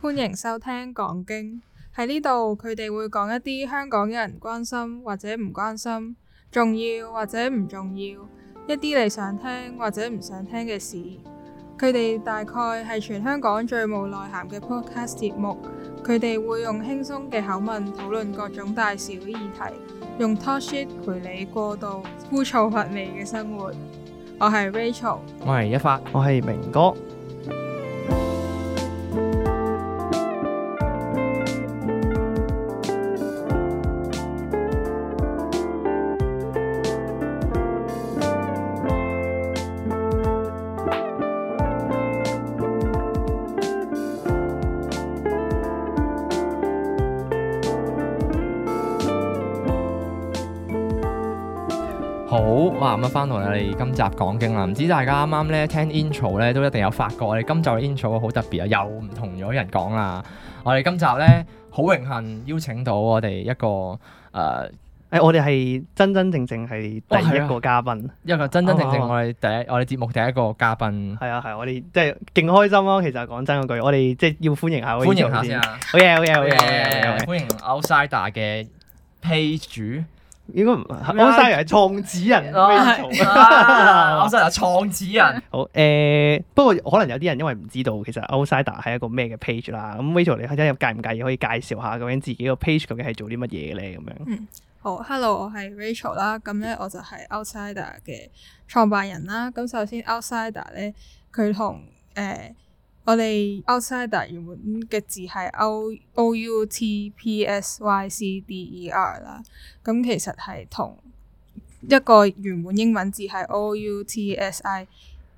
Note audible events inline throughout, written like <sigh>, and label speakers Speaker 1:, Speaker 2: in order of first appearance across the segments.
Speaker 1: 歡迎收聽講經喺呢度，佢哋會講一啲香港人關心或者唔關心，重要或者唔重要，一啲你想聽或者唔想聽嘅事。佢哋大概係全香港最冇內涵嘅 podcast 節目。佢哋會用輕鬆嘅口吻討論各種大小議題，用 Talk Shit 陪你過度枯燥乏味嘅生活。我係 Rachel，
Speaker 2: 我係一發，我係明哥。
Speaker 3: 係今集講經啦，唔知大家啱啱咧聽 intro 咧都一定有發覺，我哋今集嘅 intro 好特別啊，又唔同咗人講啦。我哋今集咧好榮幸邀請到我哋一個誒，誒我哋係真真正正係第一個嘉賓，因為佢真真正正我哋第一我
Speaker 2: 哋節目第一個嘉賓。係啊，係啊，我哋即係勁開心咯。其實講真嗰句，我哋即係要歡迎
Speaker 3: 下，歡迎下先啊。好嘅，好嘅，好嘅，歡迎 Outpsycder 嘅 page 主。應該唔，Outpsycder 係創始人，Rachel，Outpsycder 創始人。
Speaker 2: 好，誒，不過可能有啲人因為唔知道，其實 Outpsycder 係一個咩嘅 page 啦。咁 Rachel，你睇下介唔介意可以介紹下究竟自己個 page 究竟係做啲乜嘢咧？咁樣。
Speaker 1: 嗯，好，Hello，我係 Rachel 啦。咁咧，我就係 Outpsycder 嘅創辦人啦。咁首先，Outpsycder 咧，佢同誒。我哋 outsider 原本嘅字係 o o u t p s y c d e r 啦，咁其實係同一個原本英文字係 o u t s i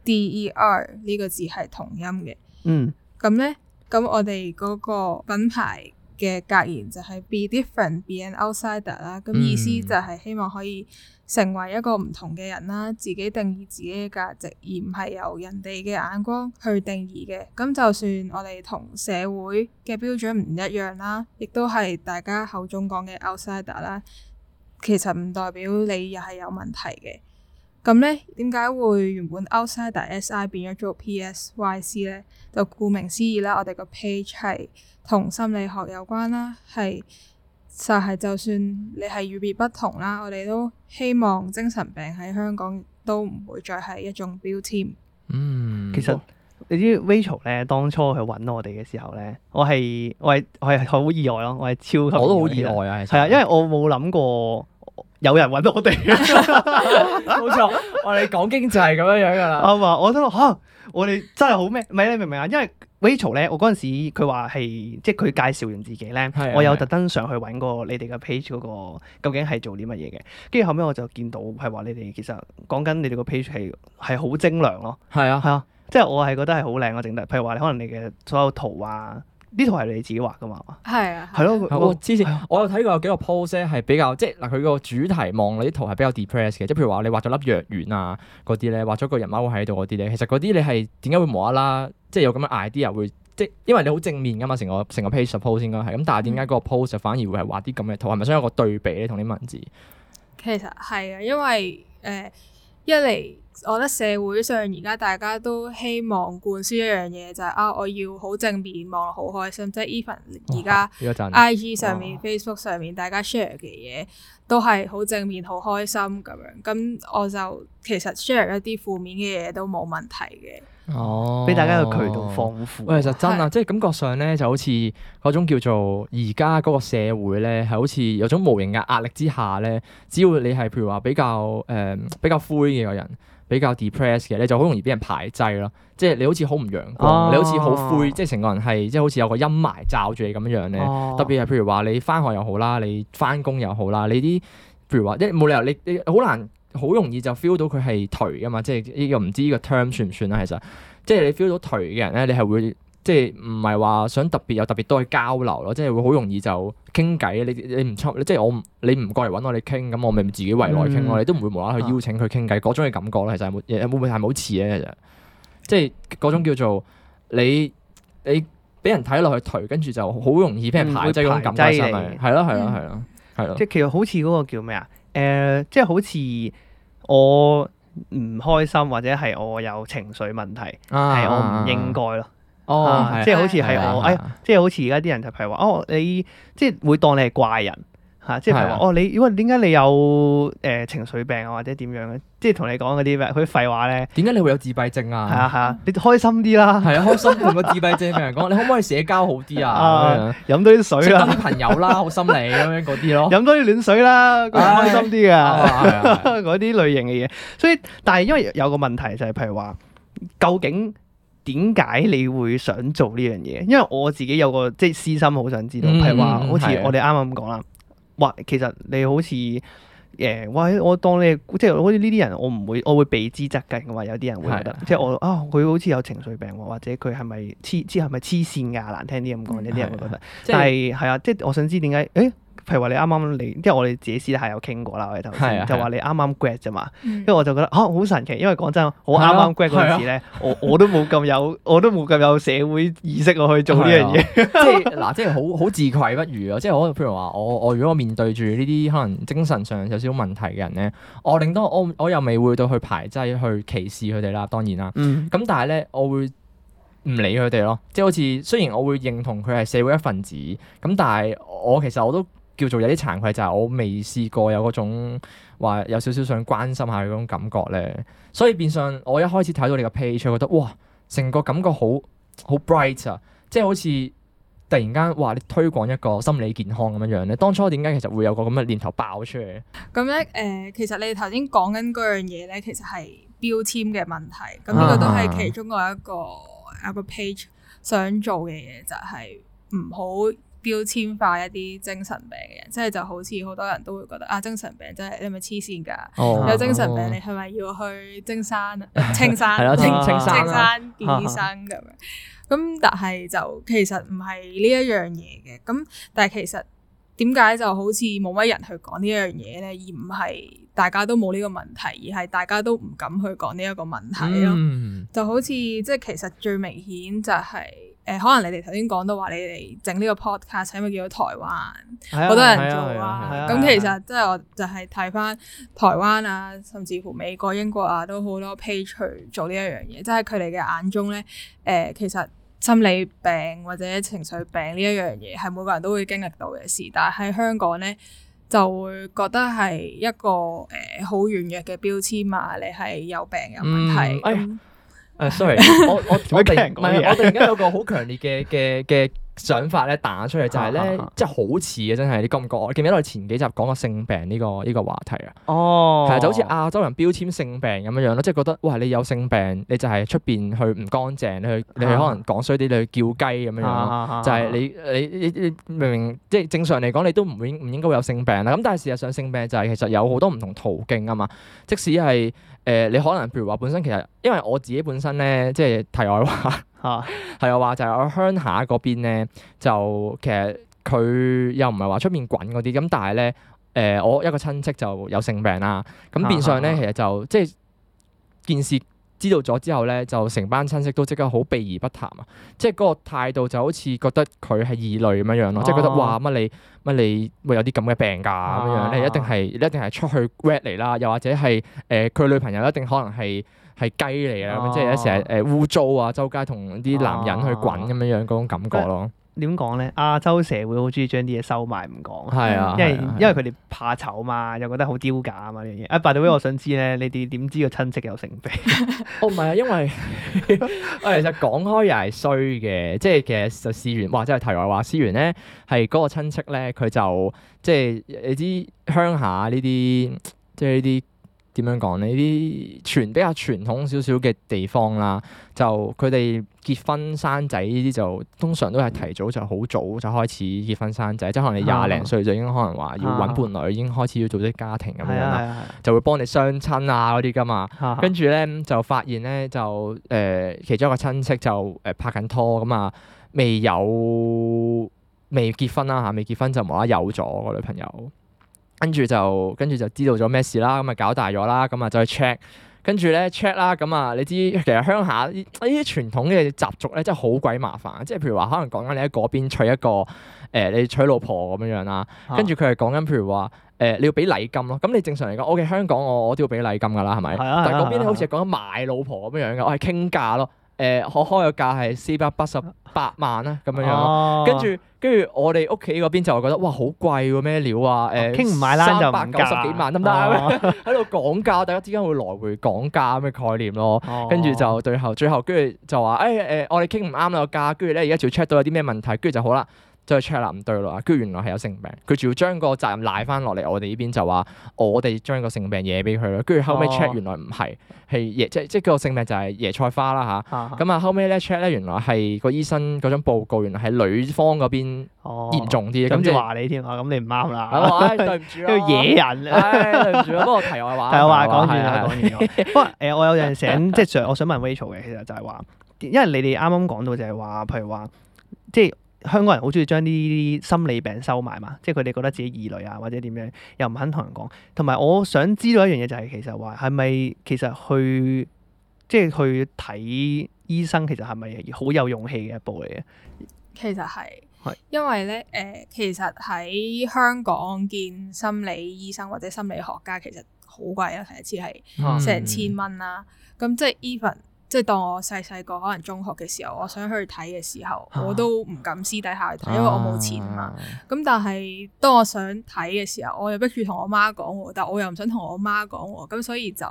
Speaker 1: d e r 呢個字係同音嘅。嗯，咁咧，咁我哋嗰個品牌嘅格言就係 be different, be an outsider 啦。咁意思就係希望可以。成為一個唔同嘅人啦，自己定義自己嘅價值，而唔係由人哋嘅眼光去定義嘅。咁就算我哋同社會嘅標準唔一樣啦，亦都係大家口中講嘅 Outsider 啦。Ider，其實唔代表你又係有問題嘅。咁呢點解會原本 Outsider s i、SI、變咗做 PSYC 呢？就顧名思義啦，我哋個 page 係同心理學有關啦，係。就係就算你係與別不同啦，我哋都希望精神病喺香港都唔會再係一種標籤。
Speaker 2: 嗯，其實你知 Rachel 咧，當初佢揾我哋嘅時候咧，我係我係我係好意外咯，我係超級，我都好意外啊，係啊，因為我冇諗過有人揾到我哋。
Speaker 3: 冇錯，我哋講經濟係咁樣樣
Speaker 2: 噶啦。啱啊，我都話我哋真係好咩？唔係你明唔明啊？因為 Rachel 咧，我嗰陣時佢話係，即係佢介紹完自己咧，啊、我有特登上去揾嗰個你哋嘅 page 嗰個，究竟係做啲乜嘢嘅？跟住後尾我就見到係話你哋其實講緊你哋個 page 係係好精良咯。係啊，係啊，即係我係覺得係好靚我整得。譬如話你可能你嘅所有圖啊，
Speaker 3: 呢圖係你自己畫噶嘛？係啊，係咯、啊。我之前我有睇過有幾個 post 咧係比較，即係嗱佢個主題望你啲圖係比較 depress 嘅，即係譬如話你畫咗粒藥丸啊嗰啲咧，畫咗個人貓喺度嗰啲咧，其實嗰啲你係點解會無啦啦？即係有咁嘅 idea 會，即係因為你好正面噶嘛，成個成個 page suppose 先應該係。咁但係點解嗰個 post 就反而會係畫啲咁嘅圖？係咪想有個對比咧同啲文字？
Speaker 1: 其實係啊，因為誒、呃、一嚟，我覺得社會上而家大家都希望灌輸一樣嘢就係、是、啊，我要好正面，望好開心。即係 even 而家 IG 上面、哦、Facebook 上面大家 share 嘅嘢都係好正面、好開心咁樣。咁我就其實 share 一啲負面嘅嘢都冇問題嘅。
Speaker 3: 哦，俾大家嘅渠道豐富。其實真啊，是即係感覺上咧，就好似嗰種叫做而家嗰個社會咧，係好似有種無形嘅壓力之下咧，只要你係譬如話比較誒、呃、比較灰嘅個人，比較 depressed 嘅你就好容易俾人排擠咯。即係你好似好唔陽光，哦、你好似好灰，哦、即係成個人係即係好似有個陰霾罩住你咁樣樣咧。哦、特別係譬如話你返學又好啦，你返工又好啦，你啲譬如話即冇理由你你好難。好容易就 feel 到佢係頹㗎嘛，即係呢個唔知呢個 term 算唔算啦？其實，即係你 feel 到頹嘅人咧，你係會即係唔係話想特別有特別多嘅交流咯？即係會好容易就傾偈。你你唔出，即係我你唔過嚟揾我，哋傾揾我哋傾咁我咪自己圍內傾咯。你都唔會無啦啦去邀請佢傾偈。嗰種嘅感覺咧，其實會唔會係好似咧？其實，即係嗰種叫做你你俾人睇落去頹，跟住就好容易俾人排擠咁嘅感受。係咯，係咯，係咯，係咯。即係其實好似嗰
Speaker 2: 個叫咩啊？誒、呃，即係好似我唔開心，或者係我有情緒問題，係、啊、我唔應該咯。哦，即係好似係我，哎即係好似而家啲人就係話哦，你即係會當你係怪人。係，即係譬如話哦，你如果點解你有誒情緒病啊或者點樣咧？即係同你講嗰啲咩，佢啲廢話咧。點解你
Speaker 3: 會有自閉症啊？係啊係啊，你開心啲啦。係啊，開心同個自閉症嘅人講，你可唔可以社交好啲啊？
Speaker 2: 飲多啲水啊，朋
Speaker 3: 友啦，好心理咁
Speaker 2: 樣嗰啲咯。飲多啲暖水啦，開心啲啊，嗰啲類型嘅嘢。所以，但係因為有個問題就係，譬如話，究竟點解你會想做呢樣嘢？因為我自己有個即係私心，好想知道，譬如話好似我哋啱啱咁講啦。或其實你好似誒，我、欸、我當你即係好似呢啲人我，我唔會我會避之則吉嘅。我話有啲人會覺得，是的 即係是 我啊，佢、哦、好似有情緒病，或者佢係咪黐黐係咪黐線㗎？難聽啲咁講，呢啲、嗯、人會覺得。是的 但係係啊，即係我想知點解誒？欸譬如話你啱啱你，因為我哋自己私下有傾過啦，我哋頭先就話你啱啱 grad 啫嘛，因為我就覺得吓好、啊、神奇，因為講真，我啱啱 grad 嗰陣時咧，是的 我我都冇咁有，我都冇咁有， <laughs> 有社會意識去做呢樣嘢，即係
Speaker 1: 嗱，
Speaker 3: 即係好好自愧不如啊！即係我譬如話我我如果我面對住呢啲可能精神上有少少問題嘅人咧，我令到我我又未會到去排擠去歧視佢哋啦，當然啦，咁、嗯、但係咧我會唔理佢哋咯，即係好似雖然我會認同佢係社會一份子，咁但係我其實我都。叫做有啲慚愧，就係、是、我未試過有嗰種話有少少想關心下嘅嗰種感覺咧。所以變相我一開始睇到你個 page，我覺得哇，成個感覺好好 bright 啊！即係好似突然間話你推廣一個心理健康咁樣樣咧。當初點解其實會有個咁嘅念頭爆出嚟？
Speaker 1: 咁咧誒，其實你頭先講緊嗰樣嘢咧，其實係標籤嘅問題。咁呢個都係其中一個、啊、一個 page 想做嘅嘢，就係唔好。標籤化一啲精神病嘅人，即係就好似好多人都會覺得啊，精神病真係你咪黐線㗎，哦、有精神病、哦、你係咪要去精山啊、青山啊、青青山見醫生咁樣？咁但係就其實唔係呢一樣嘢嘅，咁但係其實點解就好似冇乜人去講呢一樣嘢咧？而唔係大家都冇呢個問題，而係大家都唔敢去講呢一個問題咯。嗯、就好似即係其實最明顯就係、是。誒、呃、可能你哋頭先講到話你哋整呢個 podcast，係咪叫咗台灣，好、啊、多人做啊。咁、啊啊啊啊、其實即係我，就係睇翻台灣啊，甚至乎美國、英國啊，都好多 page 去做呢一樣嘢。即係佢哋嘅眼中咧，誒、呃、其實心理病或者情緒病呢一樣嘢，係每個人都會經歷到嘅事。但係喺香港咧，就會覺得係一個誒好、呃、軟弱嘅標籤啊。你係有病，有問題。嗯哎 Sorry，我突然間有個
Speaker 3: 好強烈嘅嘅嘅想法咧，打出嚟就係咧，即係好似啊，真係你覺唔覺？我記唔記得我哋前幾集講過性病呢個呢個話題啊？哦，係啊，就好似亞洲人標籤性病咁樣樣咯，即係覺得哇，你有性病你就係出邊去唔乾淨，你去你去可能講衰啲，你去叫雞咁樣樣咯。就係你你明明即係正常嚟講，你都唔應唔應該有性病啦。咁但係事實上，性病就係其實有好多唔同途徑啊嘛，即使係。誒、呃，你可能譬如話本身其實，因為我自己本身咧，即係題外話嚇，題 <laughs> 外話就係我鄉下嗰邊咧，就其實佢又唔係話出面滾嗰啲，咁但係咧，誒、呃，我一個親戚就有性病啦，咁變相咧 <laughs> 其實就即係件事。知道咗之後咧，就成班親戚都即刻好避而不談啊！即係嗰個態度就好似覺得佢係異類咁樣樣咯，啊、即係覺得哇，乜你乜你會有啲咁嘅病㗎咁樣樣咧，啊、你一定係一定係出去 rap 嚟啦，又或者係誒，佢女朋友一定可能係係雞嚟啦，啊、即係成日誒污糟啊，周街同啲男人去滾咁樣樣嗰種感覺咯。啊啊
Speaker 2: 點講咧？亞洲社會好中意將啲嘢收埋唔講，啊、因為、啊啊、因為佢哋怕醜嘛，又覺得好丟架啊嘛呢樣嘢。啊，by t 我想知咧，你哋點知個親戚有成病？ <laughs> 哦，唔係
Speaker 3: 啊，因為啊， <laughs> 其實講開又係衰嘅，即係其實就思源，哇！即係題外話，思源咧係嗰個親戚咧，佢就即係你知鄉下呢啲，嗯、即係呢啲。點樣講呢，啲傳比較傳統少少嘅地方啦，就佢哋結婚生仔呢啲就通常都係提早就好早就開始結婚生仔，即係可能你廿零歲就已經可能話要揾伴侶，已經開始要組織家庭咁 <music> 樣就會幫你相親啊嗰啲噶嘛。跟住呢，就發現呢，就誒、呃、其中一個親戚就誒拍緊拖咁啊，未有未結婚啦嚇，未結婚就無啦，有咗個女朋友。跟住就跟住就知道咗咩事啦，咁咪搞大咗啦，咁啊就去 check，跟住咧 check 啦，咁啊你知其實鄉下呢啲傳統嘅習俗咧，真係好鬼麻煩，即係譬如話可能講緊你喺嗰邊娶一個誒、呃，你娶老婆咁樣樣啦，跟住佢係講緊譬如話誒、呃，你要俾禮金咯，咁你正常嚟講，O K 香港我我都要俾禮金噶啦，係咪？啊啊啊、但係嗰邊好似係講緊買老婆咁樣樣㗎，我係傾價咯，誒、呃、我開個價係四百八十八萬啦咁樣樣，啊、跟住。跟住我哋屋企嗰邊就覺得，哇，好貴喎，咩料啊？誒，傾唔埋啦，就得唔得？喺度講價，大家之間會來回講價咁嘅概念咯。跟住、啊、就最後最後，跟住就話誒誒，我哋傾唔啱啦個價，跟住咧而家就要 check 到有啲咩問題，跟住就好啦。就去 check 啦唔對路啊，跟住原來係有性病，佢仲要將個責任賴翻落嚟我哋呢邊就話我哋將個性病嘢俾佢啦，跟住後尾 check 原來唔係係椰即即個性病就係椰菜花啦吓，咁啊後尾咧 check 咧原來係個醫生嗰張報告原來係女方嗰邊嚴重啲，咁、哦、就話你添啊，咁你唔啱啦，唉、哎、對唔住啦，要野人
Speaker 2: 唉對唔住
Speaker 3: 啦，不過題外話題外話講完咗不
Speaker 2: 過誒我有陣時即係我想問 Rachel 嘅 <laughs> 其實就係話，因為你哋啱啱講到就係、是、話，譬如話即。香港人好中意將呢啲心理病收埋嘛，即係佢哋覺得自己異類啊，或者點樣，又唔肯同人講。同埋我想知道一樣嘢就係、呃，其實話係咪其實去即係去睇醫生，其實係咪好有勇氣嘅一步嚟嘅？
Speaker 1: 其實係，因為咧誒，其實喺香港見心理醫生或者心理學家，其實好貴啦，一次係成千蚊啦。咁、嗯、即係 even。即係當我細細個可能中學嘅時候，我想去睇嘅時候，啊、我都唔敢私底下去睇，因為我冇錢嘛。咁、啊、但係當我想睇嘅時候，我又迫住同我媽講喎，但我又唔想同我媽講喎，咁所以就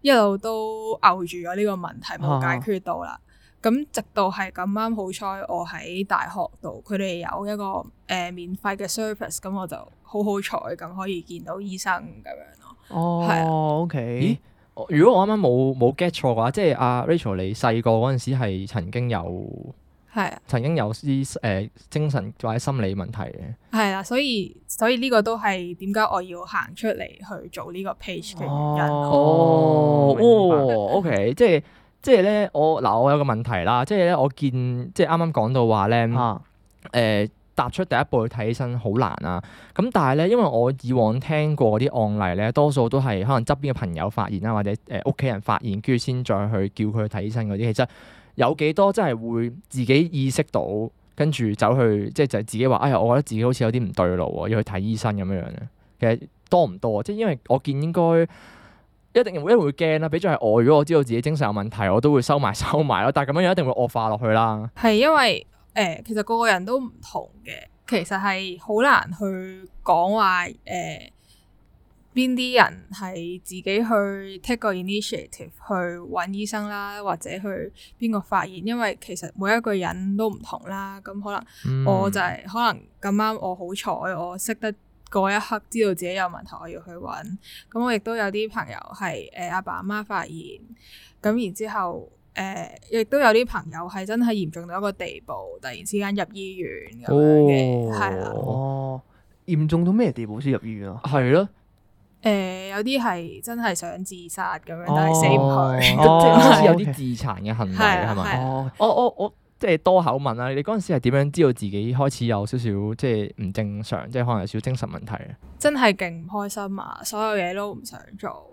Speaker 1: 一路都拗住咗呢個問題冇解決到啦。咁、啊、直到係咁啱好彩，我喺大學度，佢哋有一個誒免費嘅 service 咁我就好好彩咁可以見到醫生咁樣
Speaker 3: 咯。哦、啊、OK。如果我啱啱冇冇 get 錯嘅話，即係阿 Rachel，你細個嗰陣時係曾經有係啊，曾經有啲誒、呃、精神或者心理問題
Speaker 1: 嘅。係啦、啊，所以所以呢個都係點解我要行出嚟去做呢個 page 嘅原因。
Speaker 3: 哦，OK，即係即係咧，我嗱我有個問題啦，即係咧我見即係啱啱講到話咧，誒、嗯。踏出第一步去睇醫生好難啊！咁但係呢，因為我以往聽過啲案例呢，多數都係可能側邊嘅朋友發現啦，或者誒屋企人發現，跟住先再去叫佢去睇醫生嗰啲。其實有幾多真係會自己意識到，跟住走去即係就自己話：哎呀，我覺得自己好似有啲唔對路喎、啊，要去睇醫生咁樣樣咧。其實多唔多？即係因為我見應該一定，一定會驚啦。畀咗係我，如果我知道自己精神有問題，我都會收埋收埋咯。但係咁樣又一定會惡化落去啦。
Speaker 1: 係因為。誒，其實個個人都唔同嘅，其實係好難去講話誒邊啲人係自己去 take 個 initiative 去揾醫生啦，或者去邊個發現，因為其實每一個人都唔同啦。咁可能我就係，嗯，可能咁啱，我好彩，我識得嗰一刻知道自己有問題，我要去揾。咁我亦都有啲朋友係誒阿爸阿媽發現，咁然之後。誒，亦都、呃、有啲朋友係真係嚴重到一個地步，突然之間入醫院咁
Speaker 2: 樣嘅，係、哦啊、嚴重到咩地步先入醫院啊？係咯，
Speaker 1: 誒，有啲係真係想自殺咁樣，但係死唔去，即係有啲自
Speaker 3: 殘嘅行為係咪、哦 okay. 啊？我我我即係多口問啦，你嗰陣時係點樣知道自己開始有少少即係唔正常，即係可能有少精神問題啊？
Speaker 1: 真係勁唔開心啊，所有嘢都唔想做。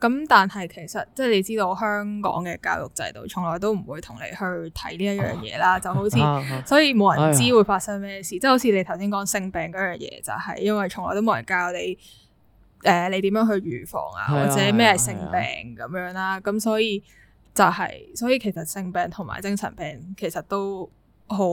Speaker 1: 咁但係其實即係你知道香港嘅教育制度從來都唔會同你去睇呢一樣嘢啦，啊、就好似、啊啊、所以冇人知會發生咩事，即係、哎、呀好似你頭先講性病嗰樣嘢，就係、是、因為從來都冇人教你誒、呃、你點樣去預防啊，或者咩性病咁、啊啊啊、樣啦，咁所以就係、是、所以其實性病同埋精神病其實都。好，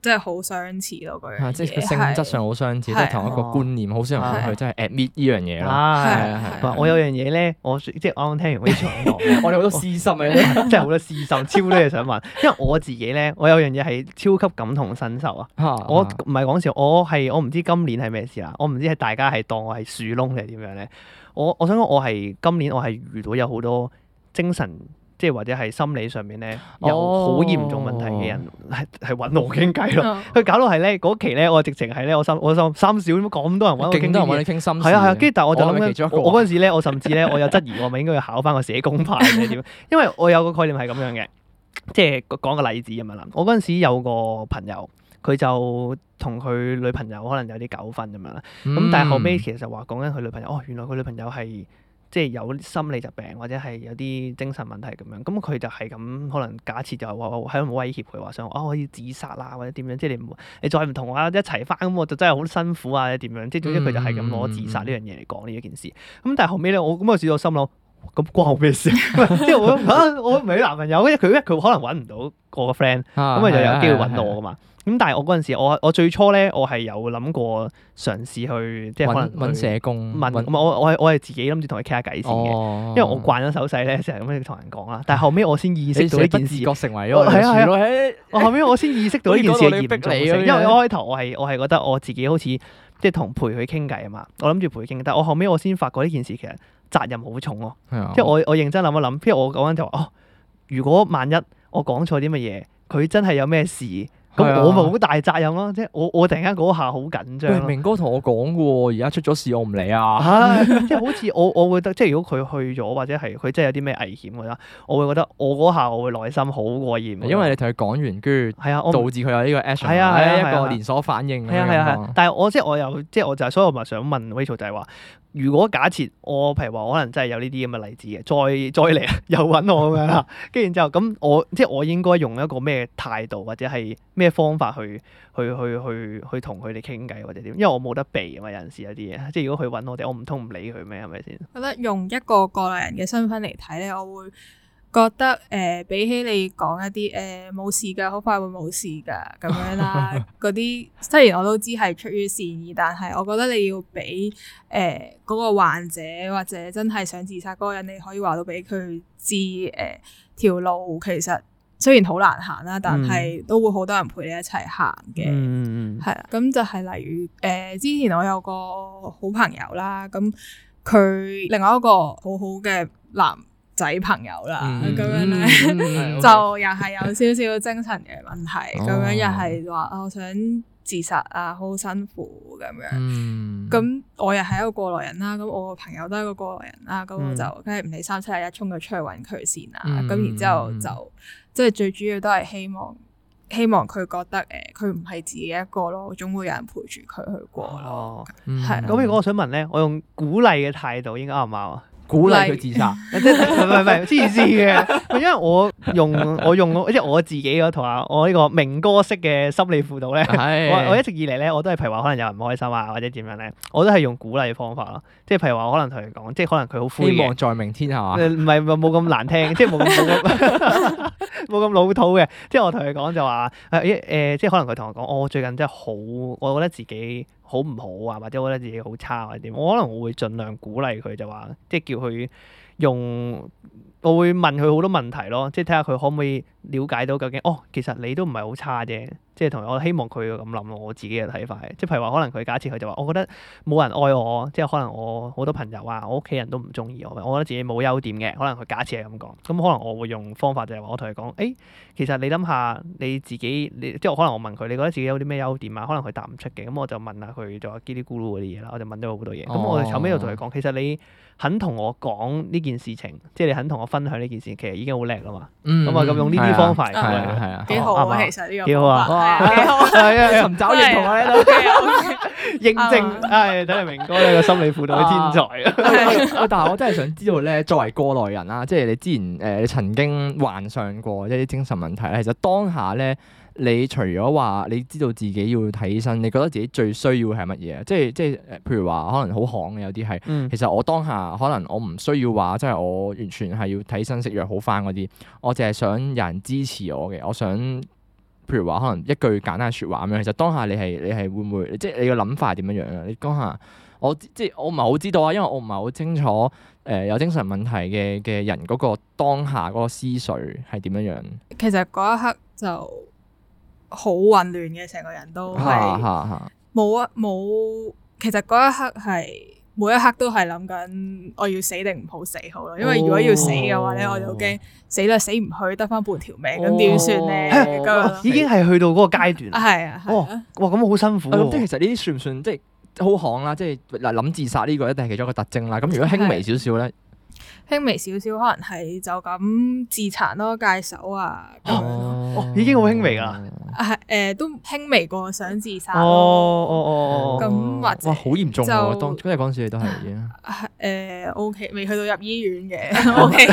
Speaker 1: 即係好相似咯，嗰樣。即係性質上
Speaker 3: 好相似，即係同一個觀念，好少人去真係 admit 呢樣嘢咯。啊，係係我有樣嘢咧，我即係啱啱聽完我有好多私心啊，真
Speaker 2: 係好多私心，超多嘢想問。因為我自己咧，我有樣嘢係超級感同身受啊。我唔係講笑，我係我唔知今年係咩事啊。我唔知係大家係當我係樹窿定係點樣咧。我我想講，我係今年我係遇到有好多精神。即係或者係心理上面咧，有好嚴重問題嘅人，係係揾我傾偈咯。佢 <laughs> 搞到係咧嗰期咧，我直情係咧，我心我心心少，點解咁多人揾我傾偈咯。勁多人你傾心事。係啊係啊。跟住、啊、但係我就諗緊，我嗰陣時咧，我甚至咧，我有質疑我係咪應該要考翻個社工牌嘅點？因為我有個概念係咁樣嘅，即係講個例子咁樣啦。我嗰陣時有個朋友，佢就同佢女朋友可能有啲糾紛咁樣啦。咁、mm. 但係後尾其實就話講緊佢女朋友，哦，原來佢女朋友係。哦即係有心理疾病或者係有啲精神問題咁樣，咁佢就係咁可能假設就係話喺度威脅佢話想、哦、我可以自殺啦、啊、或者點樣，即係你唔你再唔同我一齊翻，咁我就真係好辛苦啊或者點樣，即係總之佢就係咁攞自殺呢樣嘢嚟講呢一件事。咁、嗯嗯、但係後尾咧，我咁我試咗心諗。咁關我咩事？即係 <laughs> <laughs> 我唔係佢男朋友，因為佢佢可能揾唔到個 friend，咁啊就有機會揾到我噶嘛。咁 <laughs> 但係我嗰陣時，我我最初咧，我係有諗過嘗試去即係搵搵社工，搵唔係我我我係自己諗住同佢傾下偈先嘅。哦、因為我慣咗手勢咧，成日咁樣同人講啦。但係後尾我先意識到呢件事，自覺成為因我，我後尾我先意識到呢件事嚴重、啊， <laughs> 因為開頭我係我係覺得我自己好似即係同陪佢傾偈啊嘛，我諗住陪佢傾，但係我後尾我先發覺呢件事其實。責任好重哦，即係我我認真諗一諗，譬如我講緊就話哦，如果萬一我講錯啲乜嘢，佢真係有咩事，咁我咪好大責任咯，即係我我突然間嗰下好緊張。明哥同我講噶喎，而家出咗事我唔理啊，即係好似我我會得，即係如果佢去咗或者係佢真係有啲咩危險啊，我會覺得我嗰下我會內心好過嚴，因為你同佢講完，跟住係啊導致佢有呢個 action 係一個連鎖反應，係啊係啊係。但係我即係我又即係我就係，所以我咪想問 Rachel 就係話。如果假設我譬如話，可能真係有呢啲咁嘅例子嘅，再再嚟又揾我咁樣啦，跟住 <laughs> 然之後咁，我即係我應該用一個咩態度或者係咩方法去去去去去同佢哋傾偈或者點，因為我冇得避啊嘛，有時有啲嘢，即係如果佢揾我哋，我唔通唔理佢咩，係咪先？
Speaker 1: 覺得用一個過來人嘅身份嚟睇咧，我會，覺得誒、呃、比起你講一啲誒冇事㗎，好快會冇事㗎咁樣啦，嗰啲 <laughs> 雖然我都知係出於善意，但係我覺得你要俾誒嗰個患者或者真係想自殺嗰個人，你可以話到俾佢知誒、呃、條路其實雖然好難行啦，但係都會好多人陪你一齊行嘅，係啊， <laughs> 咁就係例如誒、呃、之前我有個好朋友啦，咁佢另外一個好好嘅男仔朋友啦，咁、嗯、樣咧、嗯嗯嗯、 <laughs> 就又係有少少精神嘅問題，咁樣、哦、又係話、啊、我想自殺啊，好辛苦咁樣。咁、嗯、我又係一個過來人啦，咁我個朋友都係個過來人啦，咁我就梗係唔理三七廿一，衝佢出去搵佢先啦。咁、嗯、然之後就即係、就是、最主要都係希望，希望佢覺得誒，佢唔係自己一個咯，總會有人陪住佢去過咯。
Speaker 2: 係咁、嗯，如果我想問咧，我用鼓勵嘅態度應該啱唔啱啊？嗯鼓
Speaker 3: 勵佢自殺？ <laughs> 唔係唔係
Speaker 2: 黐線嘅，因為我用我用即係我自己嗰套啊，我呢個明哥式嘅心理輔導咧， <laughs> 我我一直以嚟咧，我都係譬如話可能有人唔開心啊，或者點樣咧，我都係用鼓勵嘅方法咯，即係譬如話可能同佢講，即係可能佢好灰，希望在明天下、啊，唔係冇咁難聽，即係冇咁冇咁冇咁老土嘅，即係我同佢講就話誒，即係可能佢同我講，我、哦、最近真係好，我覺得自己。好唔好啊？或者我覺得自己好差、啊、或者點？我可能我會盡量鼓勵佢就話，即係叫佢用，我會問佢好多問題咯，即係睇下佢可唔可以了解到究竟哦，其實你都唔係好差啫。即係同我，我希望佢咁諗。我自己嘅睇法，即係譬如話，可能佢假設佢就話：我覺得冇人愛我，即係可能我好多朋友啊，我屋企人都唔中意我。我覺得自己冇優點嘅，可能佢假設係咁講。咁可能我會用方法就係話：我同佢講，誒，其實你諗下你自己，即係可能我問佢，你覺得自己有啲咩優點啊？可能佢答唔出嘅。咁我就問下佢就係嘰哩咕嚕嗰啲嘢啦。我就問咗好多嘢。咁、哦、我後尾又同佢講，其實你肯同我講呢件事情，即係你肯同我分享呢件事情，其實已經好叻啦嘛。咁啊、嗯，咁用呢啲方法係啊，幾好啊，其實呢個幾好啊。你哇好啊，啊啊啊尋找認同喺度，對啊、 <laughs> 認證係睇嚟明哥呢個心理輔導嘅天才
Speaker 3: 啊哇！ <laughs> 但係我真係想知道咧，作為過來人啦，即係你之前誒、呃、曾經患上過一啲精神問題咧，其實當下咧，你除咗話你知道自己要睇醫生，你覺得自己最需要係乜嘢即係即係譬如話可能好行嘅有啲係，嗯、其實我當下可能我唔需要話，即係我完全係要睇醫生食藥好翻嗰啲，我淨係想有人支持我嘅，我想。譬如話可能一句簡單嘅說話咁樣，其實當下你係你係會唔會，即係你嘅諗法係點樣樣啊？你講下，我即係我唔係好知道啊，因為我唔係好清楚誒、呃，有精神問題嘅嘅人嗰、嗰個當下嗰個思緒係點樣樣、
Speaker 1: 啊啊啊。其實嗰一刻就好混亂嘅，成個人都係冇啊冇，其實嗰一刻係。每一刻都係諗緊，我要死定唔好死好囉。因為如果要死嘅話咧，我就驚死啦死唔去，得翻半條命，咁點算咧？
Speaker 3: 已經係去到嗰個階段。係、哎、啊、哦。哇！哇！咁好辛苦即、啊、係、哎、其實呢啲算唔算即係好行啦、啊？即係嗱，諗自殺呢個一定係其中一個特徵啦。咁如果輕微少少咧？哎
Speaker 1: 輕微少少，可能係就咁自殘咯，界手啊
Speaker 3: 咁已經好輕微噶。
Speaker 1: 係誒，都輕微過想自殺。哦哦哦
Speaker 3: 哦。咁或者。哇，好嚴重喎！當即係嗰時都係。誒
Speaker 1: ，O K，未去到入醫院嘅。O K，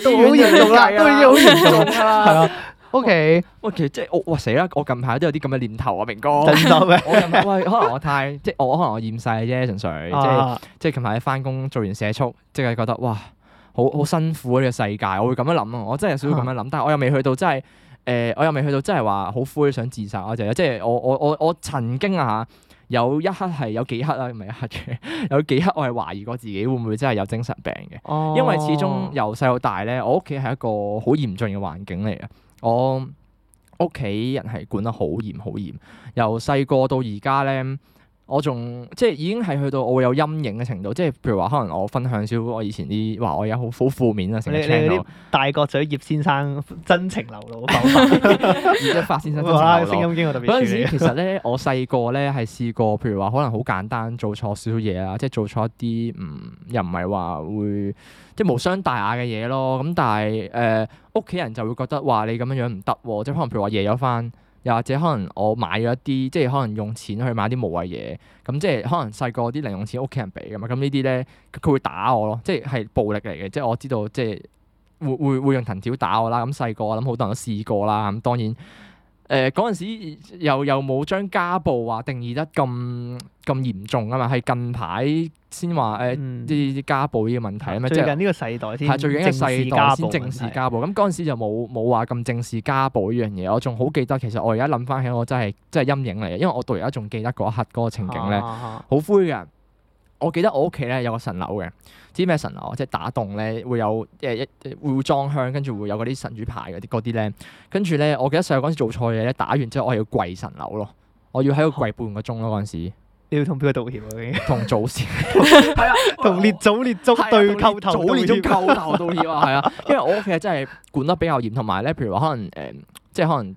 Speaker 1: 都好嚴重啦，都已好嚴重
Speaker 3: 啦。係啊。O K，喂，其實即係我，哇死啦！我近排都有啲咁嘅念頭啊，明哥。我喂，可能我太即係我可能我厭世啫，純粹即係即係近排翻工做完社畜，即係覺得哇～好好辛苦啊，呢個世界，我會咁樣諗啊！我真係少少咁樣諗，但係我又未去到真係，誒、呃、我又未去到真係話好灰想自殺啊！我就係即係我我我我曾經啊，有一刻係有幾刻啊唔係一刻嘅，有幾刻，刻， <laughs> 有幾刻我係懷疑過自己會唔會真係有精神病嘅，因為始終由細到大咧，我屋企係一個好嚴峻嘅環境嚟嘅，我屋企人係管得好嚴好嚴，由細個到而家咧。我仲即係已經係去到我有陰影嘅程度，即係譬如話可能我分享少，我以前啲話我有好好負面嘅，成日大角咀葉先生
Speaker 2: 真情流露， <laughs> 發先生真情流露嗰陣時，其實咧
Speaker 3: 我細個咧係試過，譬如話可能好簡單做錯少少嘢啊，即係做錯一啲嗯又唔係話會即係無傷大雅嘅嘢咯，咁但係誒屋企人就會覺得話你咁樣樣唔得，即係可能譬如話夜咗返。又或者可能我買咗一啲，即係可能用錢去買啲無謂嘢，咁即係可能細個啲零用錢屋企人俾㗎嘛，咁呢啲呢佢會打我囉，即係係暴力嚟嘅，即係我知道即係會會會用藤條打我啦。咁細個我諗好多人都試過啦，咁當然。誒嗰陣時又又冇將家暴話定義得咁咁嚴重啊嘛，係近排先話誒啲家暴呢個問題啊嘛，嗯、即係最近呢個世代添，係最近嘅世代先正視家暴，咁嗰陣時就冇冇話咁正視家暴呢樣嘢，我仲好記得，其實我而家諗翻起我真係真係陰影嚟嘅，因為我到而家仲記得嗰一刻嗰個情景咧，好灰嘅。啊我記得我屋企咧有個神樓嘅，知咩神樓即係打洞咧會有誒一會裝香，跟住會有嗰啲神主牌嗰啲嗰啲咧，跟住咧我記得細個嗰陣做錯嘢咧，打完之後我係要跪神樓咯，我要喺度跪半個鐘咯嗰陣時。你要同邊個道歉啊？同祖先。係啊，同列祖列宗對叩頭，祖列宗叩頭道歉啊！係啊，因為我屋企係真係管得比較嚴，同埋咧譬如話可能誒，即係可能。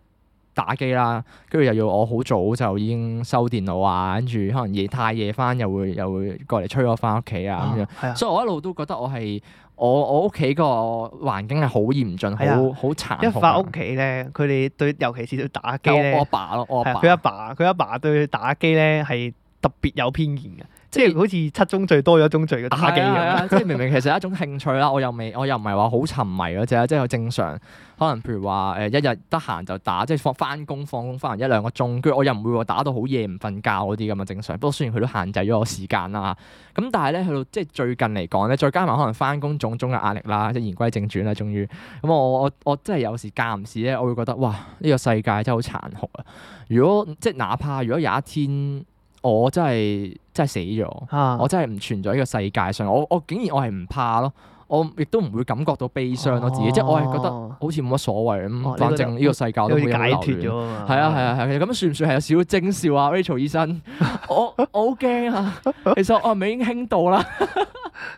Speaker 3: 打機啦，跟住又要我好早就已經收電腦啊，跟住可能夜太夜翻又會又會過嚟催我翻屋企啊咁樣，嗯、所以我一路都覺得我係我我屋企個環境係好嚴峻，好好慘。殘一翻屋企咧，佢哋對尤其是對打機咧，我阿爸咯，我佢阿爸佢阿爸，爸，爸，爸對打機咧係特別有偏見嘅。即係好似七宗罪多咗一宗罪嘅打機咁，即係明明其實係一種興趣啦，我又未我又唔係話好沉迷嗰隻，即係正常。可能譬如話誒，一日得閒就打，即係放翻工放工翻一兩個鐘，跟住我又唔會話打到好夜唔瞓覺嗰啲咁啊。正常，不過雖然佢都限制咗我時間啦嚇，咁但係咧去到即係最近嚟講咧，再加埋可能返工種種嘅壓力啦。即係言歸正傳啦，終於咁我我我真係有時間唔時咧，我會覺得哇呢、這個世界真係好殘酷啊！如果即係哪怕如果有一天我真係真係死咗，啊、我真係唔存在呢個世界上。我我竟然我係唔怕咯，我亦都唔會感覺到悲傷咯自己，哦、即係我係覺得好似冇乜所謂咁，哦、反正呢個世界都解脫咗。係啊係啊係，咁、啊啊、算唔算係有少少徵兆啊？Rachel 醫生，我我好驚啊，其實我已經輕度啦。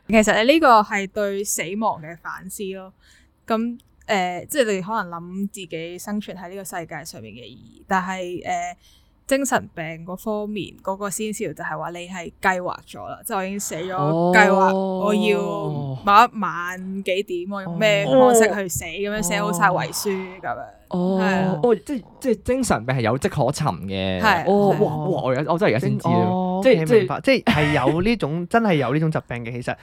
Speaker 1: 其實咧呢個係對死亡嘅反思咯。咁誒、呃，即係你可能諗自己生存喺呢個世界上面嘅意義，但係誒。呃精神病嗰方面，嗰、那個先兆就係話你係計劃咗啦，即、就、係、是、我已經寫咗計劃，哦、我要某一晚幾點，我用咩方式去死，咁樣、哦、寫好晒遺書咁、
Speaker 3: 哦、樣。哦，即係即係精神病係有跡可尋嘅。係，哇我真係我真係而家先知。即係明白，即係係有呢種真係有呢種疾病嘅，其
Speaker 2: 實，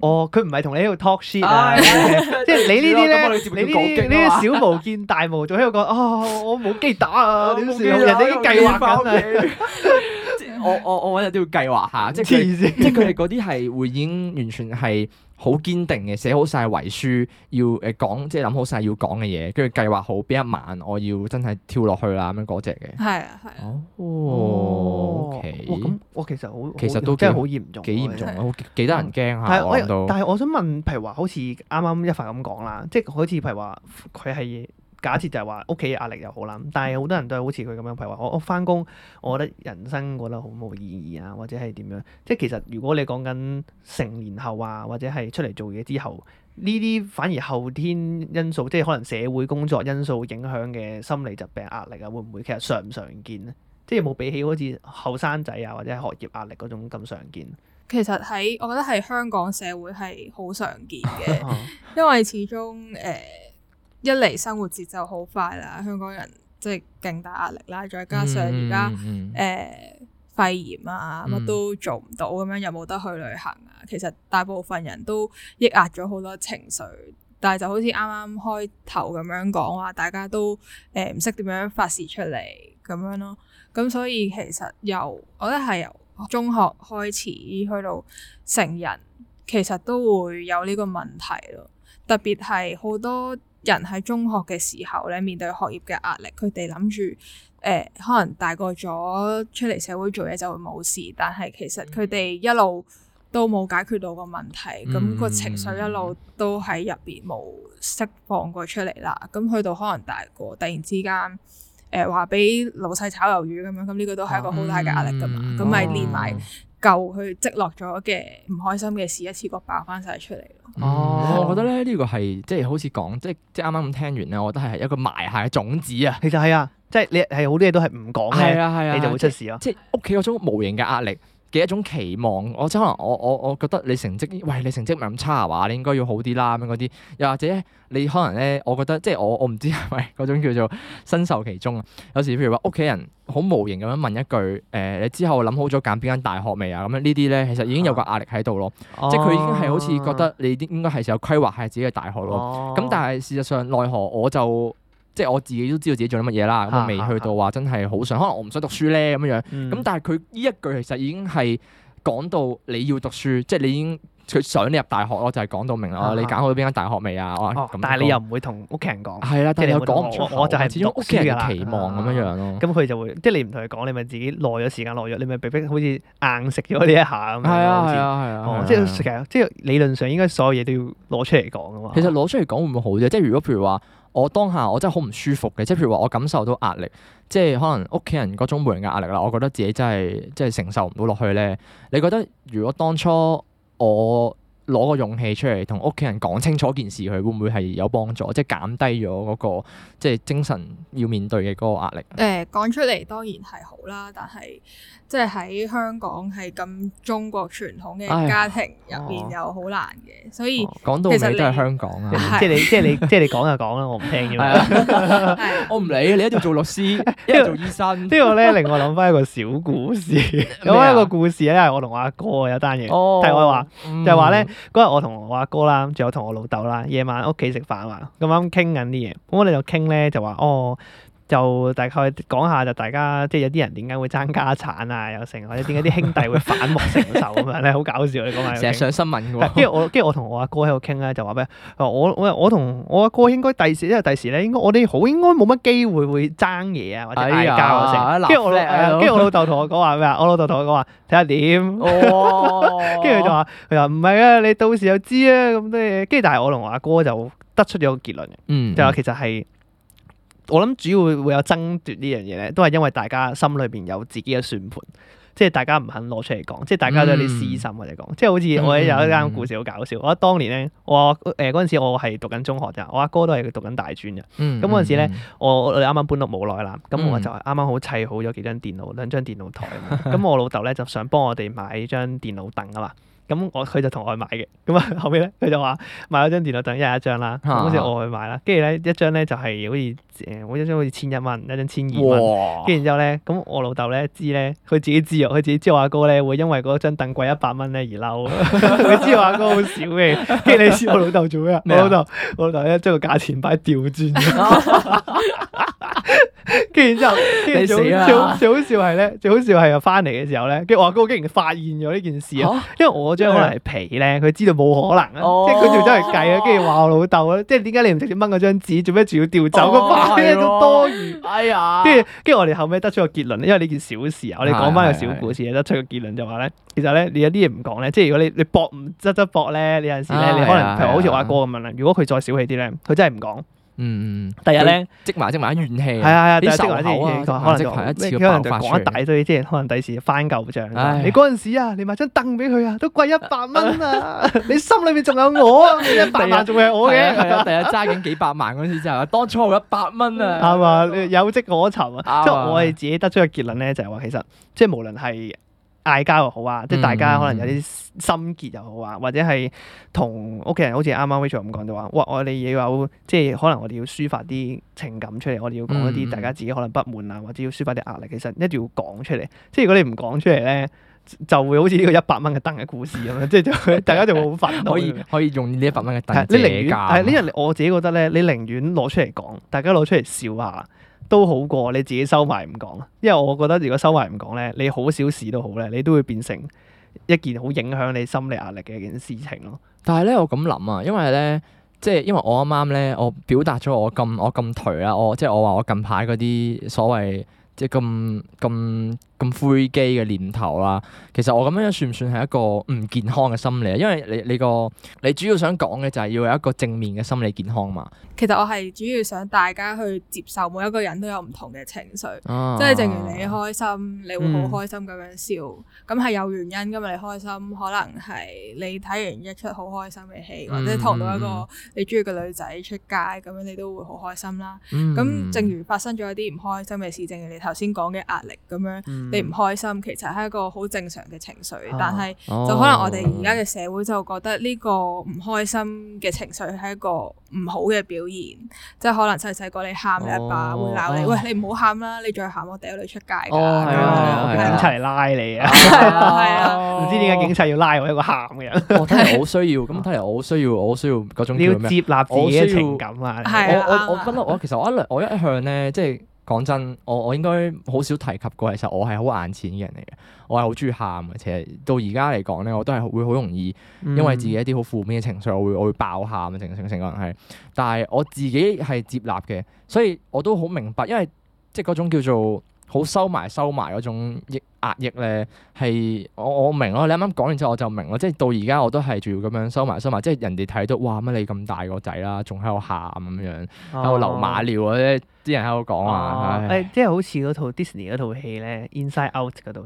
Speaker 2: 哦，佢唔係同你喺度 talk shit 啊，即係你呢啲呢啲呢啲小
Speaker 3: 巫見大巫，仲喺度講啊，
Speaker 2: 我冇機打啊，人哋已經計劃緊你。
Speaker 3: 我我我每日都要計劃下，即係他 <laughs> 即係佢哋嗰啲係會已經完全係好堅定嘅，寫好晒遺書，要誒、呃、講，即係諗好晒要講嘅嘢，跟住計劃好邊一晚我要真係跳落去啦咁樣嗰隻嘅。係啊，係啊。哦，哦，哦，OK。咁
Speaker 2: 哇，哇，其實好，其實都很真係好嚴重，幾嚴重，好
Speaker 3: 幾得人驚嚇。對但係
Speaker 2: 我想問，譬如話好似啱啱一發咁講啦，即係好似譬如話佢係。假設就係話屋企壓力又好啦，但係好多人都係好似佢咁樣譬如話，我我翻工，我覺得人生覺得好冇意義啊，或者係點樣？即係其實如果你講緊成年後啊，或者係出嚟做嘢之後，呢啲反而後天因素，即係可能社會工作因素影響嘅心理疾病、壓力啊，會唔會其實常唔常見咧？即係冇比起好似後生仔啊，或者係學業壓力嗰種咁常見？
Speaker 1: 其實喺我覺得係香港社會係好常見嘅， <laughs> 因為始終誒。呃一嚟生活節奏好快啦，香港人即係勁大壓力啦，再加上而家誒肺炎啊乜都做唔到，咁樣，嗯，又冇得去旅行啊。其實大部分人都抑壓咗好多情緒，但係就好似啱啱開頭咁樣講話，大家都誒唔識點樣發洩出嚟咁樣咯。咁所以其實由我覺得係由中學開始去到成人，其實都會有呢個問題咯，特別係好多。人喺中學嘅時候咧，面對學業嘅壓力，佢哋諗住誒，可能大個咗出嚟社會做嘢就會冇事，但係其實佢哋一路都冇解決到個問題，咁、嗯、個情緒一路都喺入邊冇釋放過出嚟啦。咁去到可能大個，突然之間誒話俾老細炒魷魚咁樣，咁、這、呢個都係一個好大嘅壓力㗎嘛，咁咪、啊嗯嗯哦、連埋。夠去積落咗嘅唔開心嘅事一次過爆翻晒出嚟咯。哦，我覺
Speaker 3: 得咧呢個係即係好似講，即係即係啱啱咁聽完咧，我覺得係一個埋下嘅種子啊。其實係啊，即係你係好多嘢都係唔講嘅，係啊係啊，你就會出事咯啊。即係屋企嗰種無形嘅壓力。嘅一種期望，我即係可能我我我覺得你成績，喂，你成績唔係咁差啊嘛，你應該要好啲啦咁樣嗰啲，又或者你可能咧，我覺得即係我我唔知係咪嗰種叫做身受其中啊。有時譬如話屋企人好無形咁樣問一句，誒、呃、你之後諗好咗揀邊間大學未啊？咁樣呢啲咧其實已經有個壓力喺度咯，啊、即係佢已經係好似覺得你應該係時候規劃下自己嘅大學咯。咁、啊、但係事實上奈何我就。即係我自己都知道自己做啲乜嘢啦，我未去到話真係好想，可能我唔想讀書咧咁樣。咁但係佢呢一句其實已經係講到你要讀書，即係你已經佢想你入大學咯，就係講到明啦。你揀好邊間大學未啊？但係你又唔會同屋企人講，係啦，但係你又講唔出。我就係始終屋企人期望咁樣樣咯。咁佢就會即係你唔同佢講，你咪自己
Speaker 2: 耐咗時間耐咗，你咪被迫好似硬食咗呢一下咁樣。係啊係啊係啊！即係其實即係
Speaker 3: 理論上應該所有嘢都要攞出嚟講噶嘛。其實攞出嚟講會唔會好啫？即係如果譬如話。我當下我真係好唔舒服嘅，即係譬如話我感受到壓力，即係可能屋企人嗰種無形壓力啦，我覺得自己真係真係承受唔到落去呢。你覺得如果當初我攞個勇氣出嚟同屋企人講清楚件事，佢會唔會係有幫助，即係減低咗嗰個即係精神要面對嘅嗰個壓力？
Speaker 1: 誒、呃，講出嚟當然係好啦，但係。即係喺香港係咁中國傳統嘅家庭入邊又好難嘅，所以其實講到尾都係香
Speaker 2: 港啊！你 <laughs> 即係你，即係你，即係你講就講啦，我唔聽。我唔理，你而家做做律師，
Speaker 1: 一做醫生
Speaker 2: 呢個咧令我諗翻一個小故事。諗翻 <laughs> 一個故事咧，因為我同我阿哥，哥有單嘢，即係我話就話咧，嗰日我同我阿哥啦，仲有同我老豆啦，夜晚屋企食飯啊，咁啱傾緊啲嘢，咁我哋就傾咧就話哦。嗯就大概講下，就大家即係有啲人點解會爭家產啊，又成，或者點解啲兄弟會反目成仇咁樣咧？好搞笑你啊！成日上新聞嘅，因為我因為我同我阿哥喺度傾咧，就話咩啊？我我我同我阿哥應該第時，因為第時咧，應該我哋好應該冇乜機會會爭嘢啊，或者嗌交啊，成。跟住我跟住我老豆同我講話咩啊？我老豆同我講話睇下點。
Speaker 3: 跟住佢就
Speaker 2: 話：佢話唔係啊，你到時就知啦咁啲嘢。跟住但係我同我阿哥就得出咗個結論就話其實係。我諗主要會有爭奪呢樣嘢咧，都係因為大家心裏邊有自己嘅算盤，即係大家唔肯攞出嚟講，即係大家都有啲私心嘅嚟講，嗯、即係好似我有一間故事好搞笑，嗯、我當年咧，我誒嗰陣時我係讀緊中學咋，我阿哥都係讀緊大專嘅，咁嗰陣時咧，我我啱啱搬屋冇耐啦，咁、嗯、我就係啱啱好砌好咗幾張電腦，兩張電腦台，咁、嗯、我老豆咧就想幫我哋買張電腦凳啊嘛。咁我佢就同我買嘅，咁啊後尾咧佢就話買咗張電腦凳一人一張啦，好似我去買啦，跟住咧一張咧就係好似誒，我一張好似千一蚊，一張千二蚊，跟住然之後咧，咁我老豆咧知咧，佢自己知佢自己知我阿哥咧會因為嗰張凳貴一百蚊咧而嬲，佢知我阿哥好小氣。跟住你知我老豆做咩啊？我老豆我老豆咧將個價錢牌調轉。跟住然之後，跟住最好笑係咧，最好笑係又翻嚟嘅時候咧。跟住我阿哥竟然發現咗呢件事啊，因為我張可能係皮咧，佢知道冇可能啊，即係佢仲真係計啊。跟住話我老豆啊，即係點解你唔直接掹嗰張紙，做咩仲要調走個牌？一多餘。哎呀，跟住跟住我哋後尾得出個結論，因為呢件小事啊，我哋講翻個小故事，得出個結論就話咧，其實咧你有啲嘢唔講咧，即係如果你你搏唔執執搏
Speaker 3: 咧，你有陣時咧你可能譬如好似
Speaker 2: 我阿哥咁樣咧，如果佢再小氣啲咧，佢真係唔講。嗯嗯，第日咧
Speaker 3: 積埋積埋怨氣，係啊係啊，你積埋積埋，可能積埋一次嘅辦法出嚟。可能講一大
Speaker 2: 堆，即係可能第時翻舊賬。你嗰陣時啊，你買張凳俾佢啊，都貴一百蚊啊！你心裏面仲有我啊，一百萬仲係我嘅。第日揸
Speaker 3: 緊幾百萬嗰陣時就話，當初我一百蚊啊，
Speaker 2: 啱啊， <laughs> 有跡可尋啊。即係吧我係自己得出嘅結論咧，就係、是、話其實即係、就是、無論係。嗌交又好啊，即係大家可能有啲心結又好啊，嗯、或者係同屋企人好似啱啱 Rachel 咁講就話，哇！我哋要有即係可能我哋要抒發啲情感出嚟，我哋要講一啲大家自己可能不滿啊，或者要抒發啲壓力，其實一定要講出嚟。即係如果你唔講出嚟咧，就會好似呢個一百蚊嘅燈嘅故事咁樣，即係就大家就會好煩。
Speaker 3: 可以可以用呢一百蚊嘅燈借架
Speaker 2: 家。係呢樣我自己覺得咧，你寧願攞出嚟講，大家攞出嚟笑下。都好過你自己收埋唔講啦，因為我覺得如果收埋唔講呢，你好小事都好呢，你都會變成一件好影響你心理壓力嘅一件事情
Speaker 3: 咯。但係呢，我咁諗啊，因為呢，即係因為我啱啱呢，我表達咗我咁我咁頹啊。我即係我話、即係、我近排嗰啲所謂即係咁咁。即係咁灰機嘅念頭啦，其實我咁樣樣算唔算係一個唔健康嘅心理啊？因為你你個你主要想講嘅就係要有一個正面嘅心理健康嘛。
Speaker 1: 其實我係主要想大家去接受每一個人都有唔同嘅情緒，啊、即係正如你開心，你會好開心咁樣笑，咁係、嗯、有原因噶嘛？你開心可能係你睇完一出好開心嘅戲，嗯、或者同到一個你中意嘅女仔出街咁樣，你都會好開心啦。咁、嗯、正如發生咗一啲唔開心嘅事，正如你頭先講嘅壓力咁樣。你唔開心，其實係一個好正常嘅情緒，但係就可能我哋而家嘅社會就覺得呢個唔開心嘅情緒係一個唔好嘅表現，即係可能細細個你喊，你阿爸會鬧你，喂，你唔好喊啦，你再喊我掟你出街㗎，警
Speaker 2: 察嚟拉你啊，係啊，唔知點解警察要拉我一個喊嘅人？我
Speaker 3: 真係好需要，咁睇嚟我好需要，我好需要嗰種要接納自己嘅情感啊！我我我不嬲，我其實我一我一向咧即係。講真，我我應該好少提及過，其實我係好眼淺嘅人嚟嘅，我係好中意喊嘅，其實到而家嚟講咧，我都係會好容易，嗯、因為自己一啲好負面嘅情緒，我會我會爆喊啊，成成成個人係，但係我自己係接納嘅，所以我都好明白，因為即係嗰種叫做好收埋收埋嗰種。壓抑咧係我我明咯，你啱啱講完之後我就明咯，即係到而家我都係仲要咁樣收埋收埋，即係人哋睇到哇乜你咁大個仔啦，仲喺度喊咁樣喺度流馬尿啊。」啲人喺度講啊，誒即係好似嗰
Speaker 2: 套 Disney 嗰套戲咧 Inside Out 嗰套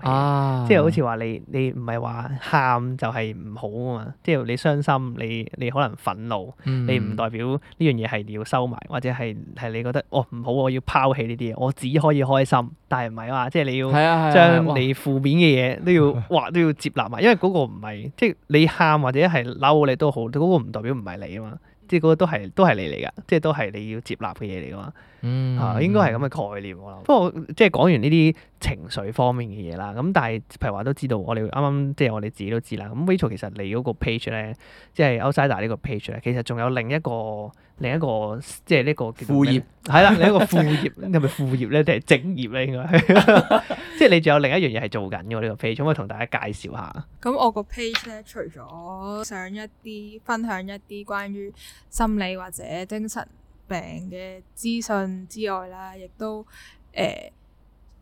Speaker 2: 戲，即係好似話你你唔係話喊就係唔好啊嘛，即係你傷心你你可能憤怒，你唔代表呢樣嘢係你要收埋，或者係係你覺得哦唔好我要拋棄呢啲嘢，我只可以開心，但係唔係話即係你要將。係負面嘅嘢都要，話都要接納埋，因為嗰個唔係，即係你喊或者係嬲你都好，嗰、嗰個唔代表唔係你啊嘛，即係嗰個都係都係你嚟噶，即係都係你要接納嘅嘢嚟噶嘛，
Speaker 1: 嚇、嗯啊、應
Speaker 2: 該係咁嘅概念我諗。不過即係講完呢啲情緒方面嘅嘢啦，咁但係譬如話都知道，我哋啱啱即係我哋自己都知啦，咁 Rachel 其實你嗰個 page 咧，即係 Outpsycder 呢個 page 咧，其實仲有另一個。另一個即係呢、呢個叫副業係啦， <laughs> 另一個副業係咪副業咧，定係正業咧？應 <laughs> 該 <laughs> 即係你仲有另一樣嘢係做緊嘅、呢個。我呢個 page 可唔可以同大家介紹下？
Speaker 1: 咁我個 page 咧，除咗上一啲分享一啲關於心理或者精神病嘅資訊之外啦，亦都誒、呃、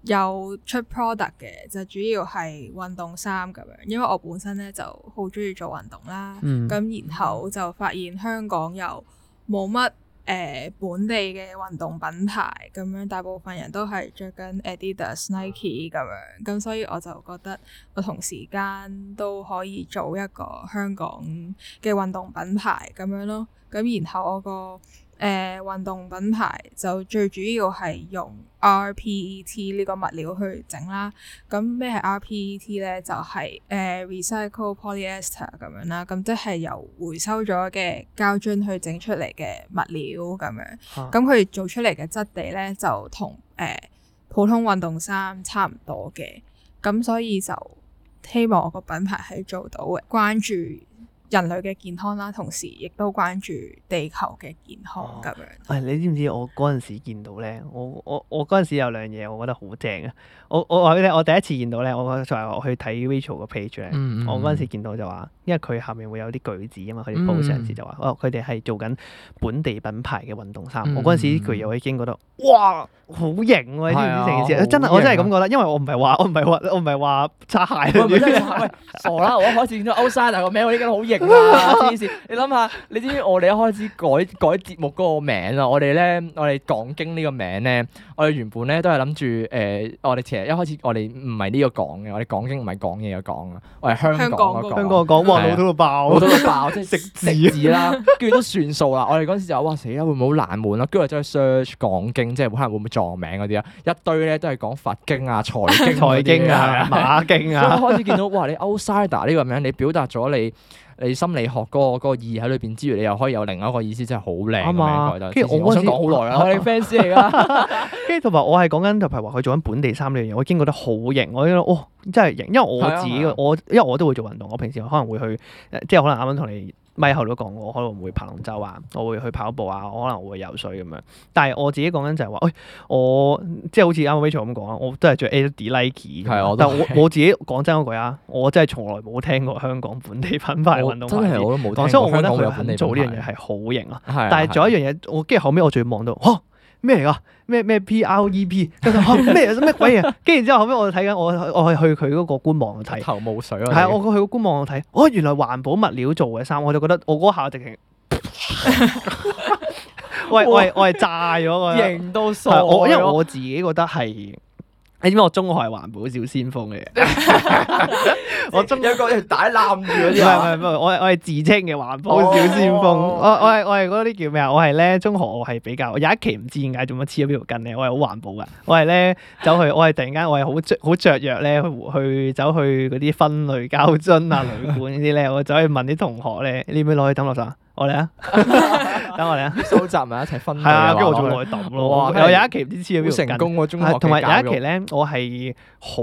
Speaker 1: 有出 product 嘅，就主要係運動衫咁樣。因為我本身咧就好中意做運動啦，咁、嗯、然後就發現香港有。冇乜誒本地嘅運動品牌咁樣，大部分人都係着緊 Adidas、Nike 咁樣，咁所以我就覺得我同時間都可以做一個香港嘅運動品牌咁樣囉，咁然後我個。誒、呃、運動品牌就最主要係用 RPET 呢個物料去整啦。咁咩係 RPET 咧？就係、是、誒、呃、Recycle Polyester 咁樣啦。咁即係由回收咗嘅膠樽去整出嚟嘅物料咁樣。咁佢、啊、做出嚟嘅質地咧就同誒、呃、普通運動衫差唔多嘅。咁所以就希望我個品牌係做到嘅關注人類嘅健康啦，同時亦都關注地球嘅健康咁
Speaker 2: 樣。誒、哦，你知唔知我嗰陣時見到咧？我我我嗰陣時有兩嘢，我覺得好正啊！我我話俾你我第一次見到咧，我就係、嗯嗯嗯、我去睇 Rachel 嘅 page。嗯我嗰陣時見到就話，因為佢下面會有啲句子啊嘛，佢哋報上陣時就話，佢哋係做緊本地品牌嘅運動衫。嗯嗯嗯我嗰陣時佢又已經覺得，
Speaker 3: 哇，好型你知唔知成件事？啊、真係我真係咁
Speaker 2: 覺得，因為我唔係話我唔係話我
Speaker 3: 唔係話擦鞋。唔係唔傻啦！我開始見到 Outpsycder 個名，我已經好型。 <laughs> 你諗下，你知唔知我哋一開始改改節目嗰個名啊？我哋咧，我哋講經呢個名咧，我哋原本咧都係諗住誒，我哋其實一開始我哋唔係呢個講嘅，我哋講經唔係講嘢嘅講啊，我哋香港、嗰個、香港嘅講哇，老土到爆，老土到爆， <laughs> 即係食字啦，跟住都算數啦。我哋嗰時就話：哇，死啦，會唔會好冷門啊？跟住我走去 search 講經，即係可能會唔會撞名嗰啲啊？一堆咧都係講佛經啊、財經、財經啊、對馬經啊。對 <laughs> 開始見到哇，你 Outpsycder 呢個名，你表達咗你。你心理學嗰個意義喺裏邊之餘，你又可以有另一個意思，真係好靚。跟住我想講好耐啦，我哋 fans
Speaker 1: 嚟噶。
Speaker 2: 跟住同埋我係講緊就係話佢做緊本地衫呢樣嘢，我經過得好型，我覺得哦真係型，因為我自己、啊、我因為我都會做運動，我平時可能會去即係可能啱啱同你。咪後都講我可能會爬龍舟啊，我會去跑步啊，我可能會游水咁樣。但係我自己講緊就係話，喂、欸，我即係好似 Rachel 咁講，我都係着 Adidas Nike 但我我自己講真嗰句啊，我真係從來冇聽過香港本地品牌運動鞋。真係我都冇。講真，我覺得佢肯做呢樣嘢係好型啊。係。但係仲有一樣嘢，我跟住後尾我仲要望到，呵。咩嚟㗎？咩咩 PREP？咩啊？咩鬼嘢？跟住然之後後尾我就睇緊我去我係去佢嗰個官網度睇，頭霧水啊！係啊，我去個官網度睇，哦，原來環保物料做嘅衫，我就覺得我嗰下直情，喂喂，我係炸咗個型都傻，我因為我自己覺得係。你知、哎、我中學係環保小先鋒嚟嘅？
Speaker 3: 我中學有個條帶攬住嗰啲。唔係唔
Speaker 2: 係唔係，我係我係自稱嘅環保小先鋒。 <laughs> 我我係我係嗰啲叫咩啊？我係咧中學，我係比較有一期唔知點解做乜黐咗條筋嘅。我係好環保㗎。我係咧走去，我係突然間我係好好著約咧去走去嗰啲分類膠樽啊、旅館呢啲咧。我走去問啲同學咧，你唔要攞去抌落山？我嚟啊！ <laughs>
Speaker 3: 等我哋 <laughs> 啊，收集埋一齊分享。係啊我，跟住我仲落去抌咯。
Speaker 2: 哇我！我是有，有一期啲資料要成功喎、啊，中係，同埋有一期咧，我係。好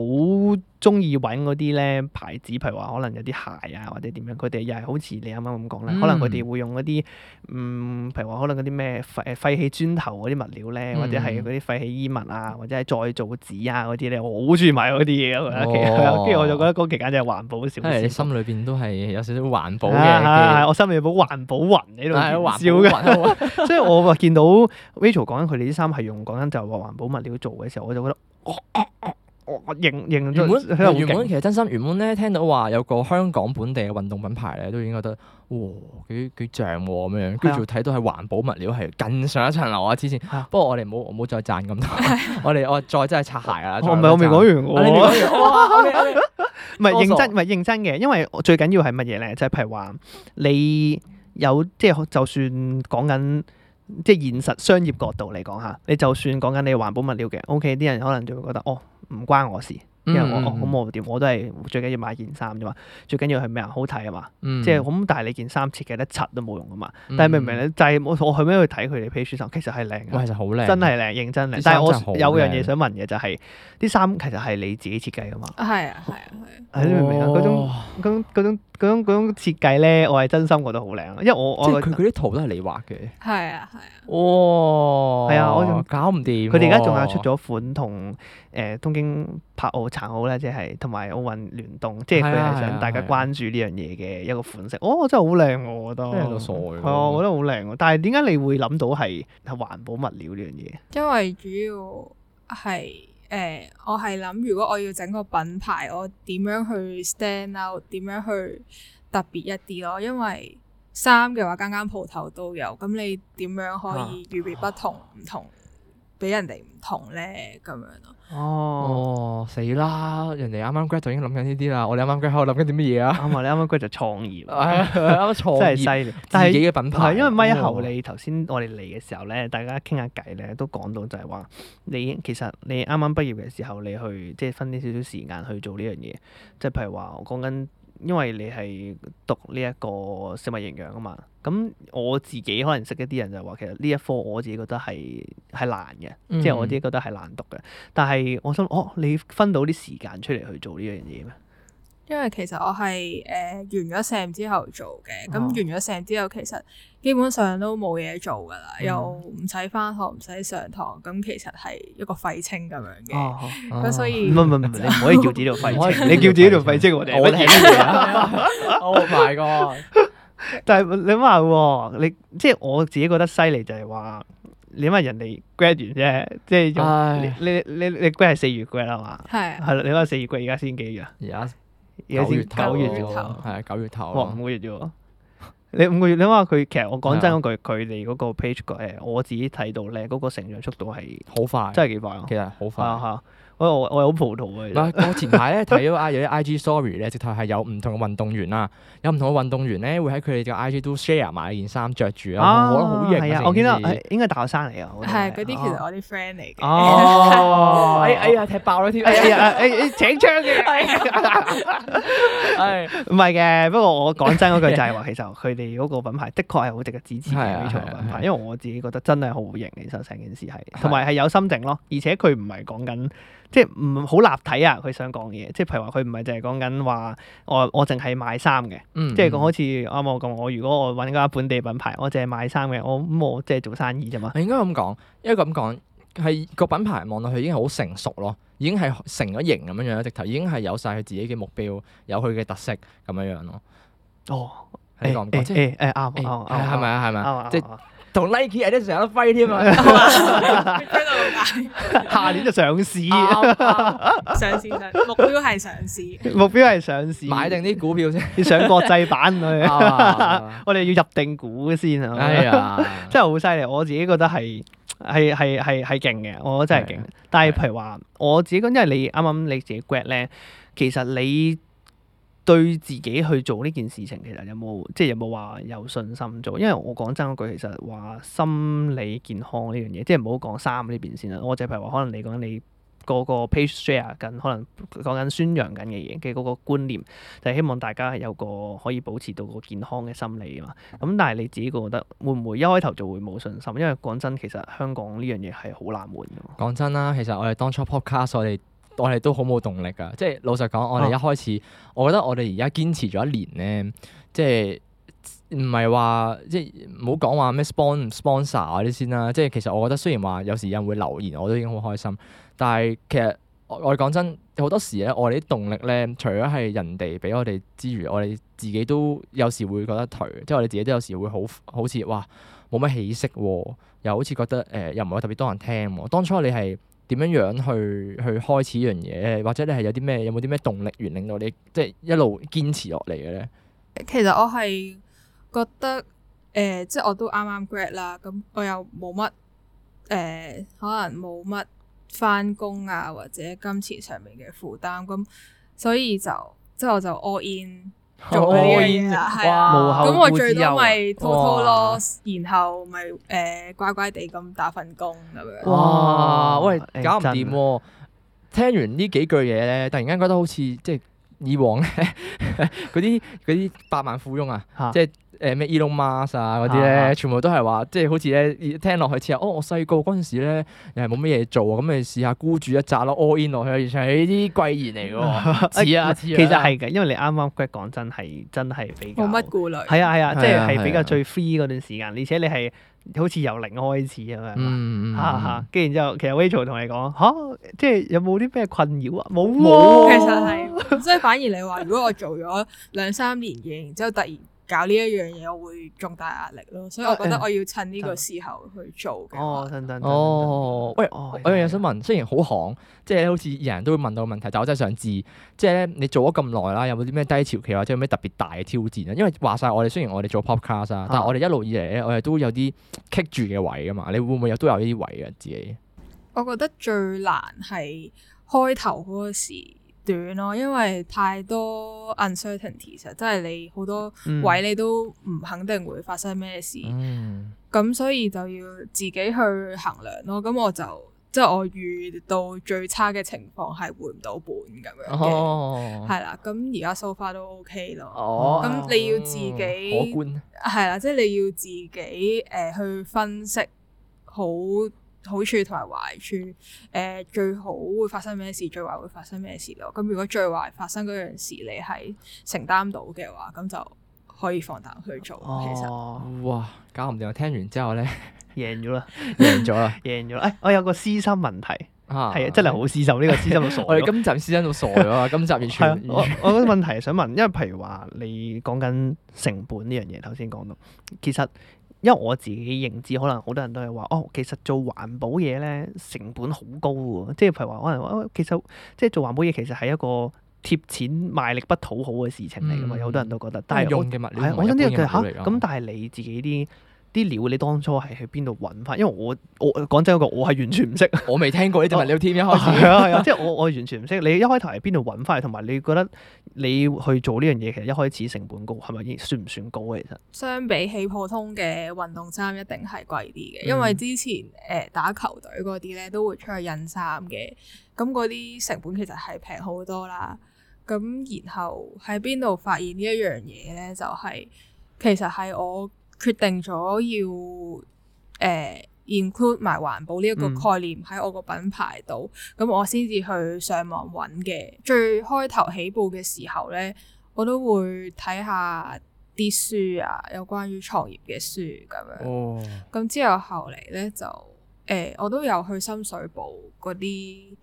Speaker 2: 中意揾嗰啲咧牌子，譬如話可能有啲鞋啊，或者點樣，佢哋又係好似你啱啱咁講咧，嗯、可能佢哋會用嗰啲嗯，譬如話可能嗰啲咩廢廢棄磚頭嗰啲物料咧，嗯、或者係嗰啲廢棄衣物啊，或者係再造紙啊嗰啲咧，我好
Speaker 3: 中意買嗰啲嘢啊！跟住、哦、我就覺得嗰期簡直係環保少少，你心裏邊都係有少少環保嘅、啊。我
Speaker 2: 心裏有有環保雲喺度喺度笑嘅。所以我見到 Rachel 講緊佢哋啲
Speaker 3: 衫係用講緊就話環保物料做嘅時候，我就覺得。哦哦哦哦。
Speaker 2: 我認認原本的原本其實
Speaker 3: 真心原本咧，聽到話有個香港本地嘅運動品牌咧，都已經覺得哇幾幾正喎咁樣，跟住睇到係環保物料係更上一層樓啊！之前不過我哋唔好再讚咁多，我哋我再真係擦鞋啊！我唔係我未講完，我
Speaker 2: 唔係認真唔係認真嘅，因為最緊要係乜嘢咧？就係譬如話你有即係就算講緊即係現實商業角度嚟講吓，你就算講緊你環保物料嘅，OK 啲人可能就會覺得哦。唔關我事，因為我我咁我點？我都係最緊要買件衫啫嘛，最緊要係咩啊？好睇啊嘛，即係咁。但係你件衫設計得柒都冇用噶嘛？但係明唔明咧？就係我去邊去睇佢哋 P 穿衫，其實係靚嘅，其實好靚，真係靚，認真靚。但係我有樣嘢想問嘅就係，啲衫其實係你自己設計噶嘛？係啊係啊係。你明唔明啊？嗰種嗰種嗰種嗰種設計咧，我係真心覺得好靚。因為我即係佢啲圖都係你畫嘅。係啊係啊。哇！係啊，我仲搞唔掂。佢哋而家仲有出咗款同。誒東京拍奧殘奧咧，即係同埋奧運聯動，即係佢係想大家關注呢樣嘢嘅一個款式。啊啊啊、哦，真係好靚，我覺得。真係、啊哦、我覺得好靚，但係點解你會諗到係係環保物料呢樣嘢？
Speaker 1: 因為主要係誒、呃，我係諗如果我要整個品牌，我點樣去 stand out，點樣去特別一啲咯？因為衫嘅話間間鋪頭都有，咁你點樣可以與別不同唔、啊、同？比人哋唔同咧，咁
Speaker 3: 樣咯。哦，死啦！人哋啱啱 graduate 就已經諗緊呢啲啦。我哋啱啱 graduate 諗緊啲乜嘢啊？啱啊！你啱啱 graduate 就創業，真係犀利。自己嘅品牌。但係、嗯、因為咪後，
Speaker 2: 你頭先我哋嚟嘅時候咧，大家傾下偈咧，都講到就係話你其實你啱啱畢業嘅時候，你去即係分啲少少時間去做呢樣嘢，即係譬如話我講緊。因為你係讀呢一個食物營養啊嘛，咁我自己可能識一啲人就話，其實呢一科我自己覺得係係難嘅，嗯、即係我自己覺得係難讀嘅。但係我想，哦，你分到啲時間出嚟去做呢樣嘢咩？
Speaker 1: 因為其實我係誒、呃、完咗 sem 之後做嘅，咁完咗 sem 之後其實基本上都冇嘢做噶啦，嗯、哼又唔使返學，唔使上堂，咁其實係一個廢青咁樣嘅，咁、啊啊、所以唔唔唔，你唔可以叫自己做廢青，你叫自己做廢青 <laughs> 我哋，我哋係咩
Speaker 3: Oh my god，
Speaker 2: 但係你話喎，你即係我自己覺得犀利就係話，你話人哋 grad 完啫，即係你唉你你 grad 係四月 grad 係嘛？係係，你話四月 grad 而家先幾月啊？而家，而家先九月啫喎，係啊九月頭，哇、哦哦、五個月啫喎， <laughs> 你五個月你諗下佢。其實我講真嗰句，佢哋嗰個 page 個誒，我自己睇到咧，嗰個成長速度係
Speaker 3: 好快，真係幾快啊，其實好快吓 <laughs> 我我我好葡萄啊。我前排咧睇咗有啲 I G story 咧，直頭係有唔同嘅運動員啦，有唔同嘅運動員咧會喺佢哋嘅 I G 度 share 埋件衫着住啊，我覺得好型。啊，我見到，應該大學生嚟㗎。係，嗰啲其實我啲 friend 嚟嘅。哦，哎呀，踢爆咗添！哎呀，哎哎，請槍㗎！係
Speaker 2: 唔係嘅？不過我講真嗰句就係話，其實佢哋嗰個品牌的確係好值得支持嘅品牌，因為我自己覺得真係好型。其實成件事係，同埋係有心整咯，而且佢唔係講緊。即係唔好立體啊！佢想講嘢，即係譬如話佢唔係淨係講緊話，我買嗯嗯我淨係賣衫嘅，即係好似啱啱我講，我如果
Speaker 3: 我揾個本地品牌，我淨係賣衫嘅，我咁我即係做生意咋嘛？應該咁講，因為咁講係個品牌望落去已經好成熟咯，已經係成咗型咁樣樣，直頭已經係有晒佢自己嘅目標，有佢嘅特色咁樣樣咯。哦，oh，你講即係啱啱係咪啊？係咪啱同 Nike，Adidas 都飛添嘛？下、like、 <laughs> <laughs> 年就上市 <laughs> 、
Speaker 2: 啊，上市上目標係上市，目標係上，上市，買定啲股票先 <laughs> 要上國際版去。 <laughs> 啊、 <laughs> 我哋要入定股先啊！哎呀， <laughs> 真係好犀利！我自己覺得係係係係係勁嘅，我真係勁。的但係譬如話，我自己講，因為你啱啱你自己 grad 咧，其實你。對自己去做呢件事情，其實有冇即係有冇話有，有信心做？因為我講真句，其實話心理健康呢樣嘢，即係唔好講衫呢邊先啦。我就係話可能你講你嗰個 page share 緊可能講緊宣揚緊嘅嘢嘅嗰個觀念，就係希望大家有個可以保持到個健康嘅心理啊嘛。咁但係你自己覺得會唔會一開頭就會冇信心？因為講真，其實香港呢樣嘢係好難換。
Speaker 3: 講真啦，其實我哋當初 podcast 我哋。我哋都好冇動力㗎，即係老實講，我哋一開始，啊、我覺得我哋而家堅持咗一年呢，即係唔係話即係唔好講話咩 sponsor 啊啲先啦。即係其實我覺得雖然話有時有人會留言，我都已經好開心。但係其實我哋講真，好多時呢，我哋啲動力呢，除咗係人哋俾我哋之餘，我哋自己都有時會覺得頹，即係我哋自己都有時會好好似哇冇乜起色喎，又好似覺得誒、呃、又唔係特別多人聽喎。當初你係點樣樣去去開始樣嘢，或者你係有啲咩，有冇啲咩動力源令到你即係、就是、一路堅持落嚟嘅咧？
Speaker 1: 其實我係覺得誒、呃，即係我都啱啱 grad 啦，咁我又冇乜誒，可能冇乜返工啊，或者金錢上面嘅負擔咁，所以就即係我就 all in。做佢嘅嘢係啊，咁我最多咪拖拖咯，然後咪誒乖乖地咁打份工咁哇樣。哇！喂，搞唔掂
Speaker 3: 喎！誒聽完呢幾句嘢咧，突然間覺得好似即係以往咧嗰啲嗰啲百萬富翁啊，即係。誒咩 Elon Musk 啊嗰啲咧，全部都係話即係好似咧聽落去似啊！哦，我細個嗰陣時咧又係冇乜嘢做咁，你試下孤注一擲咯，all in 落去啊！完全係啲貴言嚟嘅。似啊似。其實係嘅，因為你啱啱 Greg 講真係真係比
Speaker 1: 較冇乜顧慮。係啊係啊，即係比較
Speaker 2: 最 free 嗰段時間，而且你係好似由零開始咁樣。跟住然之後，其實 Rachel 同你講，吓，即係有冇啲咩困擾啊？冇冇。其實係，即
Speaker 1: 係反而你話如果我做咗兩三年嘢，然之後突然。搞呢一樣嘢，我會重大壓力咯，所以我覺得我要趁呢個時候去做嘅。哦，等等，
Speaker 3: 喂，我我有嘢想問。雖然好行，即係好似人人都會問到嘅問題，但我真係想知，即係咧你做咗咁耐啦，有冇啲咩低潮期或者有咩特別大嘅挑戰啊？因為話晒我哋雖然我哋做 podcast 啊、嗯，但係我哋一路以嚟咧，我哋都有啲棘住嘅位噶嘛。你會唔會有都有呢啲位呀自己？
Speaker 1: 我覺得最難係開頭嗰個時。短咯，因為太多 uncertainty，其實、嗯、即係你好多位你都唔肯定會發生咩事，咁、嗯、所以就要自己去衡量咯。咁我就即係我遇到最差嘅情況係回唔到本咁樣嘅，係啦、哦。咁而家 so far 都 OK 咯。咁、哦、你要自己係啦、嗯，即係你要自己誒去分析好。好處同埋壞處，誒、呃、最好會發生咩事，最壞會發生咩事咯？咁如果最壞發生嗰樣事，你係承擔到嘅話，咁就可以放膽去做。其實，哦、
Speaker 3: 哇，搞唔掂，我聽完之後咧，贏咗啦，贏咗啦，贏咗啦！誒，我有個私心問題，係、啊、真係好私心，呢 <laughs> 個私心好傻。 <laughs> 我哋今集私心好傻啊嘛！今集完
Speaker 2: 全。我我個問題想問，因為譬如話你講緊成本呢樣嘢，頭先講到，其實。因為我自己認知，可能好多人都係話，哦，其實做環保嘢咧，成本好高喎，即係譬如話，可能哦，其實即係做環保嘢，其實係一個貼錢賣力不討好嘅事情嚟㗎嘛，有好、嗯、多人都覺得。但係用嘅物料係我想知道佢嚇，咁、啊、但係你自己啲。啲料你當初係喺邊度揾翻？因為我我講真嗰個，我係完全唔識。 <laughs> <laughs> 我未聽過呢隻物料添， <laughs> 一開始即係我我完全唔識。你一開頭係邊度揾翻？同埋你覺得你去做呢樣嘢其實一開始成本高係咪？係係算唔算高啊？其實
Speaker 1: 相比起普通嘅運動衫，一定係貴啲嘅。嗯、因為之前誒打球隊嗰啲呢，都會出去印衫嘅，咁嗰啲成本其實係平好多啦。咁然後喺邊度發現呢一樣嘢呢？就係、係、其實係我，決定咗要誒、呃、include 埋環保呢一個概念喺我個品牌度，咁、嗯、我先至去上網揾嘅。最開頭起步嘅時候呢，我都會睇下啲書啊，有關於創業嘅書咁樣。咁、哦、之後後嚟呢，就誒、呃，我都有去深水埗嗰啲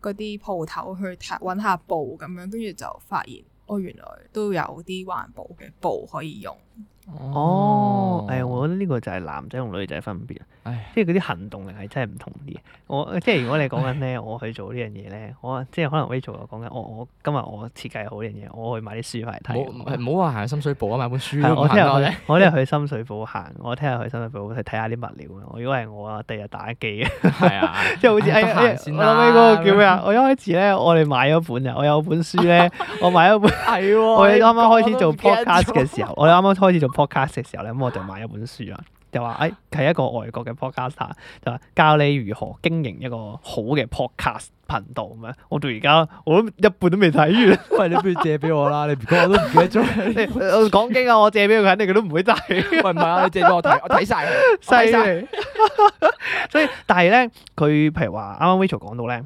Speaker 1: 嗰啲鋪頭去揾下布咁樣，跟住就發現哦，原來都有啲環保嘅布可以用。
Speaker 2: 哦，誒，我覺得呢個就係男仔同女仔分別，即係嗰啲行動力係真係唔同啲。我即係如果你講緊咧，我去做呢樣嘢咧，我即係可能 Rachel 講緊，我我今日我設計好呢樣嘢，我去買啲書返嚟睇。唔好話行深水埗啊，買本書我難日聽日咧。我咧去深水埗行，我聽日去深水埗去睇下啲物料啊。如果係我啊，第日打機啊，即係好似哎我諗起嗰個叫咩啊？我一開始咧，我哋買咗本啊，我有本書咧，我買咗本
Speaker 3: 係喎。我啱啱開始做 podcast 嘅時
Speaker 2: 候，我哋啱啱開始做。podcast 嘅時候咧，咁我就買一本書啊，就話誒係一個外國嘅 podcaster 就話教你如何經營一個好嘅 podcast 頻道咁啊。我到而家
Speaker 3: 我都一半都未睇完，喂，你不如借俾我啦。 <laughs> 你唔講我都唔記得咗。你
Speaker 2: 講 <laughs> 經啊，我借俾佢，肯定佢都唔會睇 <laughs> 喂，唔係啊，你借俾我睇，我睇晒。犀利。 <laughs> <laughs> <laughs> <laughs> 所以，但係咧，佢譬如話啱啱 Rachel 講到咧。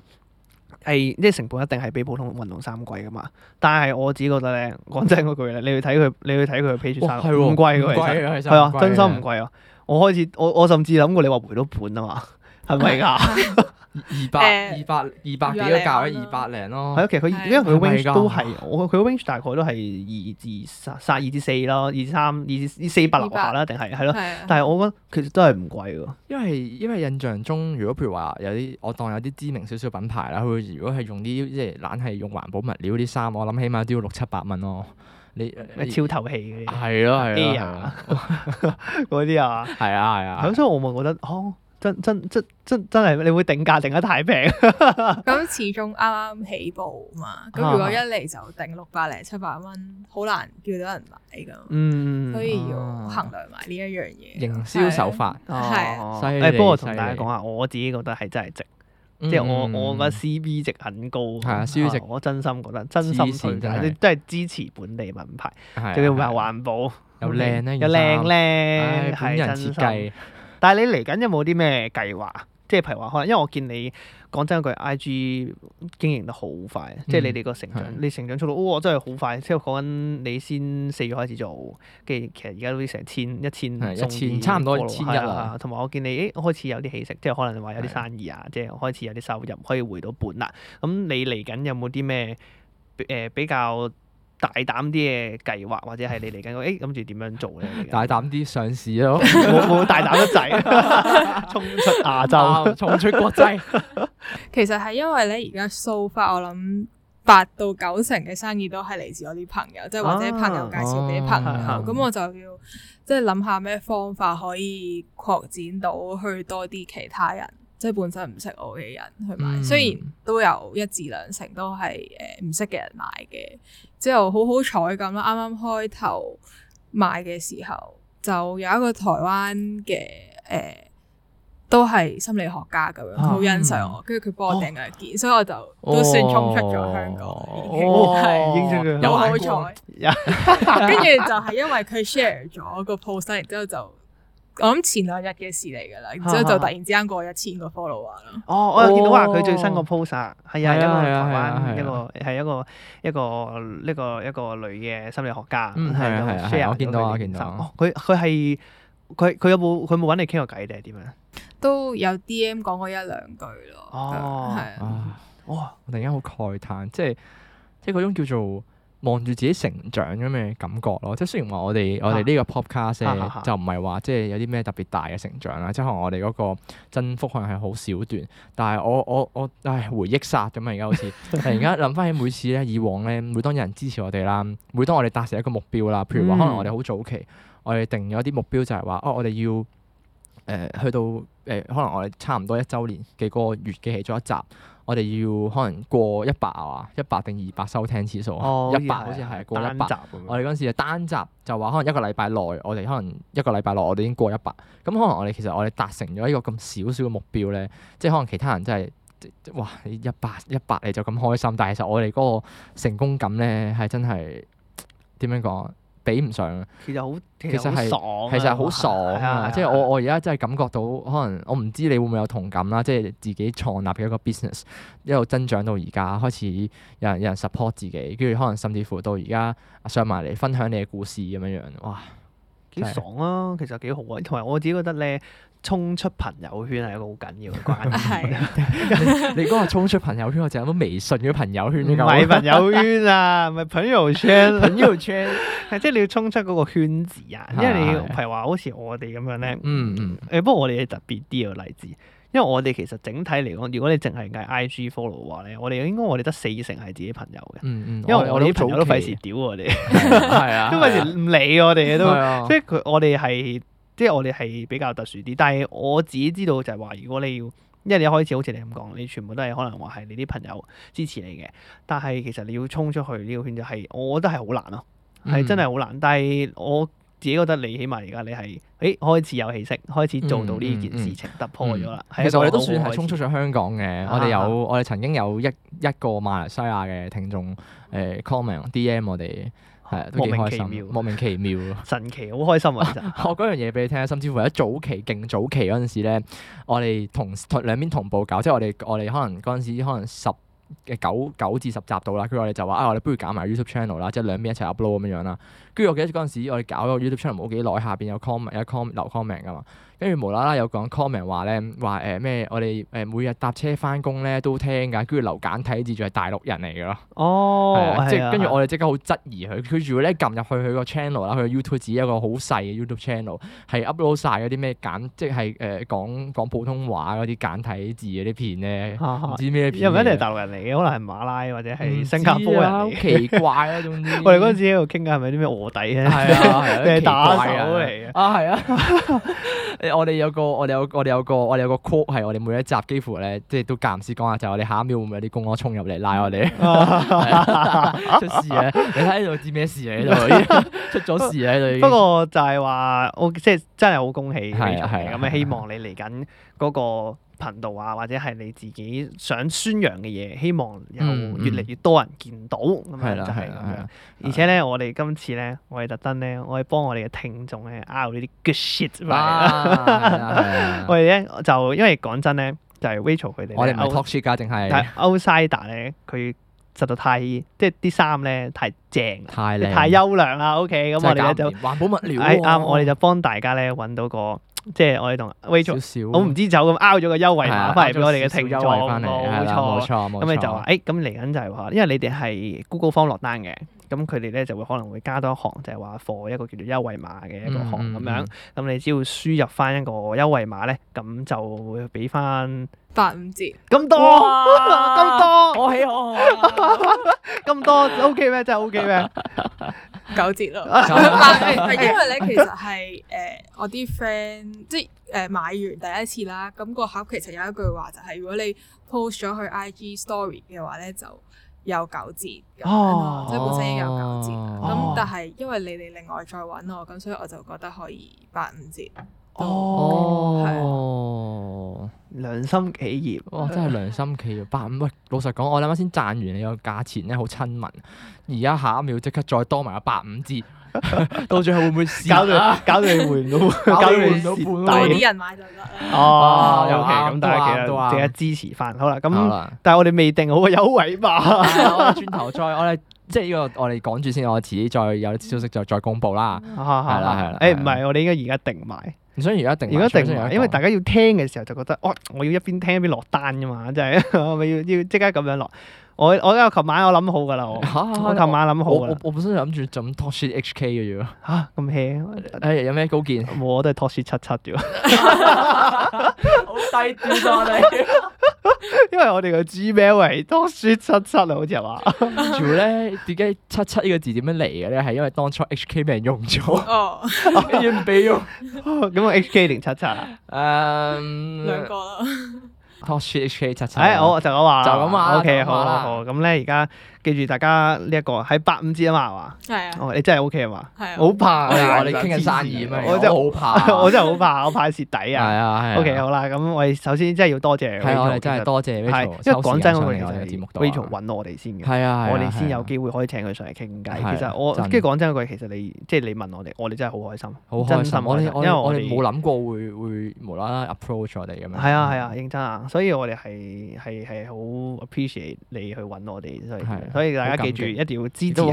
Speaker 2: 係，即成本一定係比普通運動衫貴㗎嘛。但係我自己覺得咧，講真嗰句咧，你去睇佢，你去睇佢嘅 page 衫，唔貴嘅係真，係啊，真心唔貴啊。我開始，我我甚至諗過你話回到本啊嘛。係咪噶？
Speaker 3: 二百二百二百幾一價咧？二百零咯。係咯，其實佢因為佢 range 都
Speaker 2: 係我佢嘅 range 大概都係二至三三二至四咯，二至三二至四百落下啦，定係係咯。但係
Speaker 3: 我覺得其實都係唔貴喎。因為因為印象中，如果譬如話有啲我當有啲知名少少品牌啦，佢如果係用啲即係攬係用環保物料啲衫，我諗起碼都要六七百蚊咯。你超透氣嗰啲，係咯係咯嗰啲啊，係啊係啊，所以我咪覺得哦。真真真真真係你
Speaker 2: 會定價定得太平，
Speaker 1: 咁始終啱啱起步嘛。咁如果一嚟就定六百零七百蚊，好難叫到人買㗎。嗯，所以要衡量埋呢一樣嘢。營銷手法
Speaker 2: 係啊，誒，不過同大家講下，我自己覺得係真係值，即係我我覺得 C B 值很高，我真心覺得真心推介，你真係支持本地品牌，仲要又環保，又靚咧，又靚靚，係本人設計。但係你嚟緊有冇啲咩計劃？即係譬如話，可能因為我見你講真句，I.G. 經營得好快，嗯、即係你哋個成長，的你成長速度，哇、哦，真係好快！即係講緊你先四月開始做，跟住其實而家都成千一千，係一千，一千一差唔多六千一啊！同埋我見你，誒開始有啲起色，即係可能話有啲生意啊，的即係開始有啲收入可以回到本啦。咁你嚟緊有冇啲咩誒比較大膽啲嘅計劃，或者係你嚟緊，誒、欸，諗住點樣做咧？大膽啲
Speaker 3: 上市咯，冇冇 <laughs> 大膽得滯，
Speaker 2: 衝 <laughs> 出亞洲，衝出國
Speaker 3: 際。
Speaker 1: 其實係因為咧，而家 so far，我諗八到九成嘅生意都係嚟自我啲朋友，即係、啊、或者朋友介紹俾朋友，咁、啊啊、我就要即係諗下咩方法可以擴展到去多啲其他人。即係本身唔識我嘅人去買，嗯、雖然都有一至兩成都係誒唔識嘅人買嘅，之後好好彩咁啱啱開頭買嘅時候就有一個台灣嘅誒，都係心理學家咁樣好欣賞我，跟住佢幫我訂咗一件，啊、所以我就都算衝出咗香港，係有好彩。跟住、啊、 <laughs> 就係因為佢 share 咗個 post，然之後就。我諗前兩日嘅事嚟噶啦，然之後就突然之間過一千個 f o l l o w 啊。咯。哦，我又見到話佢、oh. 最新個 post 係啊，一個台灣，啊啊一個
Speaker 2: 係一個一個呢個一個女嘅心理學家，係 share 我見到見到。佢佢係佢佢有冇佢冇揾你傾過偈定係點樣？
Speaker 1: 都有 D.M 講過一兩句咯。
Speaker 3: 哦，係啊，哇！ <laughs> 突然間好慨嘆，即係即係嗰種叫做。望住自己成長咁嘅感覺咯，即係雖然話我哋、啊、我哋呢個 podcast、啊啊啊、就唔係話即係有啲咩特別大嘅成長啦，啊啊、即係可能我哋嗰個增幅可能係好少段，但係我我我唉回憶殺咁啊！而家好似突然間諗翻起每次咧，以往咧，每當有人支持我哋啦，每當我哋達成一個目標啦，譬如話可能我哋好早期，嗯、我哋定咗啲目標就係話哦，我哋要。誒、呃、去到誒、呃、可能我哋差唔多一周年嘅嗰個月嘅起咗一集，我哋要可能過一百啊，一百定二百收聽次數，一百、哦、好似係單過一百。我哋嗰陣時就單集就話可能一個禮拜內，我哋可能一個禮拜內我哋已經過一百。咁可能我哋其實我哋達成咗一個咁少少嘅目標咧，即係可能其他人真係哇一百一百你就咁開心，但係其實我哋嗰個成功感咧係真係點樣講？比唔上其實好，其實係、啊，其實係好傻。啊！哇即係我我而家真係感覺到，可能我唔知你會唔會有同感啦，即係自己創立嘅一個 business，一路增長到而家，開始有人有人 support 自己，跟住可能甚至乎到而家上埋嚟分享你嘅故事咁樣樣，哇！幾爽
Speaker 2: 啊！其實幾好啊，同埋我自己覺得咧，衝出朋友圈係一個好緊要嘅關
Speaker 3: 係。 <laughs> 你講話衝出朋友圈，我就係諗微信嘅朋友圈呢個。唔係朋友
Speaker 2: 圈啊，唔係朋，
Speaker 3: <laughs> 朋友圈，朋友圈係即係你要衝出嗰個圈子啊！因為你譬如
Speaker 2: 話好似我哋咁樣咧，嗯嗯，誒、欸、不過我哋係特別啲嘅、這個、例子。因為我哋其實整體嚟講，如果你淨係嗌 IG follow 話咧，我哋應該我哋得四成係自己朋友嘅、嗯。嗯嗯。因為我哋啲、哎、朋友都費事屌我哋，係、哎、 <laughs> 啊。都費事唔理我哋嘅、啊、都。即係佢，我哋係即係我哋係比較特殊啲。但係我自己知道就係話，如果你要，因為你一開始好似你咁講，你全部都係可能話係你啲朋友支持你嘅。但係其實你要衝出去呢個圈就係，我覺得係好難咯，係真係好難。難嗯、但係我。自己覺得你起碼而家你係誒開始有氣息，開始做到呢件事情、嗯嗯、突破咗啦。嗯、口口其實我哋都算係衝出
Speaker 3: 咗香港嘅。啊、我哋有、啊、我哋曾經有一、啊、有一個馬來西亞嘅聽眾誒 comment，DM、啊、我哋係、啊、莫名其妙，莫名其妙神奇好開心啊！啊，我講樣嘢俾你聽，甚至乎一早期勁早期嗰陣時咧，我哋同兩邊同步搞，即係我哋我哋可能嗰陣時可能十。嘅九九至十集到啦跟住我哋就話啊我哋不如搞埋 YouTube channel 啦即係兩邊一齊 upload 咁樣樣啦跟住我記得嗰陣時我哋搞咗 YouTube channel 冇幾耐下面有 comment 有留 comment 噶嘛跟住無啦啦有講 comment 話咧，話誒咩？我哋誒每日搭車翻工咧都聽㗎，跟住留簡體字仲係大陸人嚟㗎咯。哦，係啊！即係跟住我哋即刻好質疑佢。佢如果咧撳入去佢個 channel 啦，佢 YouTube 自己一個好細嘅 YouTube channel，係 upload 晒嗰啲咩簡，即係誒、呃、講講普通話嗰啲簡體字嗰啲片咧，唔知咩片。因為、啊啊、唔一定係大陸人嚟嘅，可能係馬拉或者係新加坡人。好、啊、奇
Speaker 2: 怪咯、啊， <laughs> 總
Speaker 3: 之 <laughs> 我哋嗰陣時喺度傾緊係咪啲咩卧底咧？係 <laughs> 啊，係啊，打手嚟啊，係啊。 <noise> 我哋有個，我哋有我哋有個，我哋有個 quote 係我哋每一集幾乎咧，即係都間唔時講下，就係、是、我哋下一秒會唔會有啲公安衝入嚟拉我哋 <laughs> <laughs> <laughs> 出事咧？你睇喺度做咩事啊？喺度 <laughs> <laughs> 出咗事喺度，你 <laughs> 不過就係話我
Speaker 2: 即係真係好恭喜，係咁 <music> 希望你嚟緊嗰個。頻道啊，或者係你自己想宣揚嘅嘢，希望有越嚟越多人見到咁樣就係咁樣。而且咧，我哋今次咧，我哋特登咧，我哋幫我哋嘅聽眾咧 out 呢啲 good shit，我哋咧就因為講真咧，就係 Rachel
Speaker 3: 佢哋。我哋唔係 talk shit 㗎，淨係。但係
Speaker 2: Outpsycder 咧，佢實在太即係啲衫咧太正。太靚。太優良啦。O K，咁我哋就環保物料。誒啱，我哋就幫大家咧揾到個。即係我哋同，Rachel 我唔知就咁 out 咗個優惠碼翻嚟俾我哋嘅聽眾，冇錯，咁你就話誒，咁嚟緊就係話，因為你哋係 Google form 落單嘅，咁佢哋咧就會可能會加多一行就，就係話貨一個叫做個優惠碼嘅一個行咁、嗯、樣，咁你只要輸入翻一個優惠碼咧，咁就俾翻
Speaker 1: 八五折，咁多，咁哇 <laughs> 多，我起我，咁 <laughs> 多 <laughs> OK
Speaker 2: 咩？真係 OK 咩？ <laughs> 九折咯，係 <laughs> 因為咧，其實係
Speaker 1: 誒、呃、我啲 friend 即係誒、呃、買完第一次啦、咁、那個盒其實有一句話就係、是、如果你 post 咗去 IG story 嘅話咧，就有九折咁、哦、即係本身有九
Speaker 3: 折，咁、哦、但
Speaker 1: 係因為你哋另外再搵我，咁所以我就覺得可以八五折。
Speaker 3: 哦，oh, okay. yes. 良心企業，哇！Oh, 真係良心企業，八五喂。老實講，我諗啱先賺完你個價錢咧，好親民。而家下一秒即刻再多埋個八五支， <laughs> <laughs> 到最後會唔會試 <laughs> 搞搞到你， <laughs> 你換到，搞唔到半。啲人買就哦、oh，OK，咁大家其實淨係支持翻。 <laughs> 好啦，咁吧但係我哋未定好個優惠嘛。轉 <laughs> <laughs> 頭再我哋即係呢個我哋講住先，我自己再有消息就再公布啦。係啦係啦。誒唔係，我哋應該而家定埋。唔想而家定才才，而家定埋，因為大
Speaker 2: 家要聽嘅時候就覺得，哦，我要一邊聽一邊落單噶嘛，真係要要即刻咁樣落。我我我琴晚我諗好噶啦、啊啊我，我琴晚諗
Speaker 3: 好。我本身就諗住做咁 Talk Shit HK 嘅啫。嚇、啊、咁輕？誒、哎、有咩高見、哦？我都係 Talk Shit 七七啫。 <laughs> <laughs> <laughs> 好低質啊我哋！ <laughs> 因為我哋個 Gmail 係 Talk Shit 七七啊，好似係嘛？仲咧點解「七七呢個字點樣嚟嘅咧？係因為當初 HK 俾人用咗，哦、
Speaker 1: um,
Speaker 3: 個，已經唔俾用，咁啊 HK 零七七，嗯，兩個啦，Talk
Speaker 2: Shit HK 七七，哎，我就咁話就咁話，OK，好,好,好，好，咁咧而家。記住大家呢一個喺八五折啊嘛係嘛？係啊！你真係 OK 啊嘛？係好怕我哋傾緊生意咩？我真係好怕，我真係好怕，我怕蝕底啊！OK 好啦，咁我哋首先真係要多謝。係真係多謝，因為講真我哋其實，Rachel 揾我哋先嘅。我哋先有機會可以請佢上嚟傾偈。其實我跟住講真句，其實你即係你問我哋，我哋真係好開心。好開心！因為我哋冇諗
Speaker 3: 過會會無啦啦 approach 我哋咁樣。係啊係啊，
Speaker 2: 認真啊！所以我哋係係係好 appreciate 你去揾我哋，所以。所以大家記住一一，一定要支持下，冇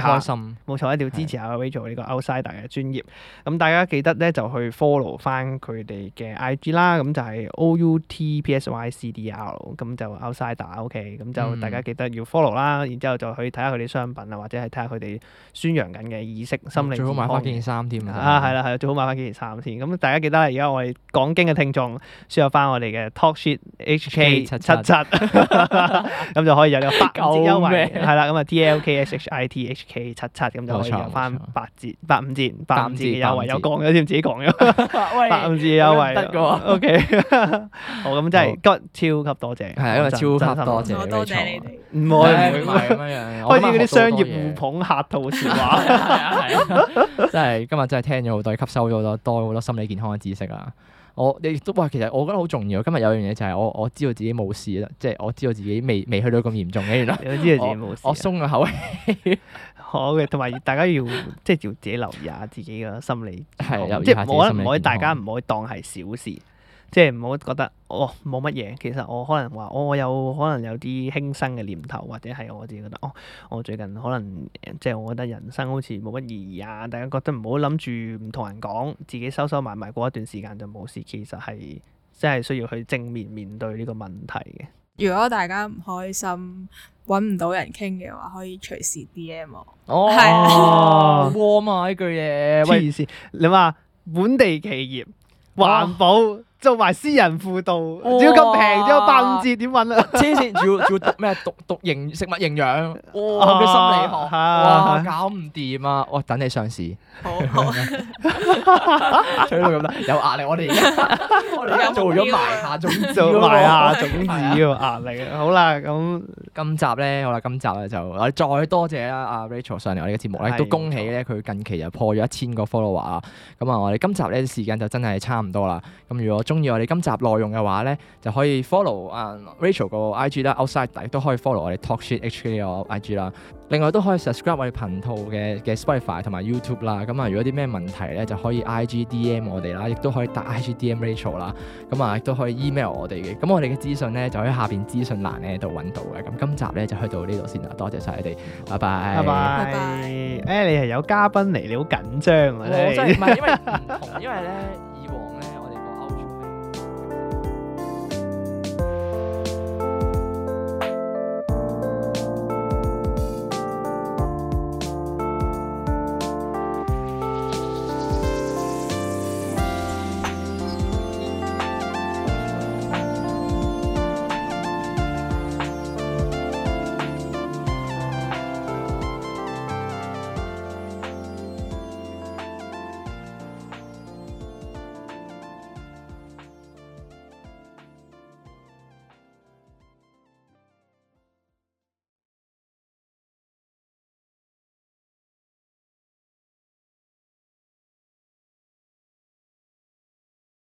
Speaker 2: 錯是的，一定要支持下 Rachel 做呢個 Outpsycder 嘅專頁。咁大家記得咧，就去 follow 翻佢哋嘅 IG 啦，咁就係 OUTPSYCDER，咁就 Outpsycder，OK，咁就大家記得要 follow 啦。然之後就去睇下佢哋商品啊，或者係睇下佢哋宣揚緊嘅意識，心理健康，最好買翻件衫添啊！啊，係啦，係啦，最好買翻幾件衫先。咁、嗯啊嗯、大家記得，而家我哋講經嘅聽眾輸入翻我哋嘅 t a l k s h i t HK 七七七，咁就可以有八折優惠，係啦。 <laughs> <laughs> 咁啊，T L K S H I T H K 七七，咁就可以用翻八折，八五折，八五折嘅優惠，有講咗，添，自己講咗八五折嘅優惠，得個 O K。好，咁真係超級多謝，係
Speaker 3: 因為超級多謝，多謝你
Speaker 2: 哋，唔會唔
Speaker 1: 會
Speaker 2: 賣咁樣，開始嗰啲商業互捧客套説話，
Speaker 3: 真係今日真係聽咗好多，吸收咗好多，多好多心理健康嘅知識啊！我你都話，其實我覺得好重要。今日有樣嘢就係我我知道自己冇事啦，即係我知道自己未未去到咁嚴重嘅，原來 <laughs> 你知道自己冇事，我鬆個口氣 <laughs> 。
Speaker 2: 好嘅，同埋大家要 <laughs> 即係要自己留意下自己嘅心理，係即係唔得唔可以。大家唔可以當係小事。即係唔好覺得哦冇乜嘢，其實我可能話、哦、我有可能有啲輕生嘅念頭，或者係我自己覺得哦，我最近可能即係我覺得人生好似冇乜意義啊！大家覺得唔好諗住唔同人講，自己收收埋埋，埋過一段時間就冇事，其實係真係需要去正面面對呢個問題嘅。
Speaker 1: 如果大家唔開心，揾唔到人傾嘅話，可以隨時 DM
Speaker 2: 我。哦，warm 呢句嘢。咩意思？你話本地企
Speaker 3: 業環保。哦做埋私人輔導，只要咁平，只要八五折，點揾啊？黐線，仲要仲要讀咩？讀讀營食物營養，同心理學搞唔掂啊！我等你上市，好，到咁啦，有壓力。我哋而家我哋而家做咗埋下種，做埋下種子嘅壓力。好啦，咁今集咧，好啦，今集咧就我哋再多謝啦，阿 Rachel 上嚟我哋嘅節目咧，都恭喜咧佢近期就破咗一千個 follower 啊！咁啊，我哋今集咧時間就真係差唔多啦。咁如果中意我哋今集內容嘅話咧，就可以 follow 啊 Rachel 個 IG 啦，outside 亦都可以 follow 我哋 TalkShitHK 個 IG 啦。另外都可以 subscribe 我哋頻道嘅嘅 Spotify 同埋 YouTube 啦。咁啊，如果啲咩問題咧，就可以 IGDM 我哋啦，亦都可以打 IGDM Rachel 啦。咁啊，亦都可以 email 我哋嘅。咁我哋嘅資訊咧，就喺下邊資訊欄咧度揾到嘅。咁今集咧就去到呢度先啦。多謝晒你哋，拜拜拜拜。誒，你係有嘉賓嚟，你好緊張啊？我真係唔係，因為唔同，因為咧以往咧。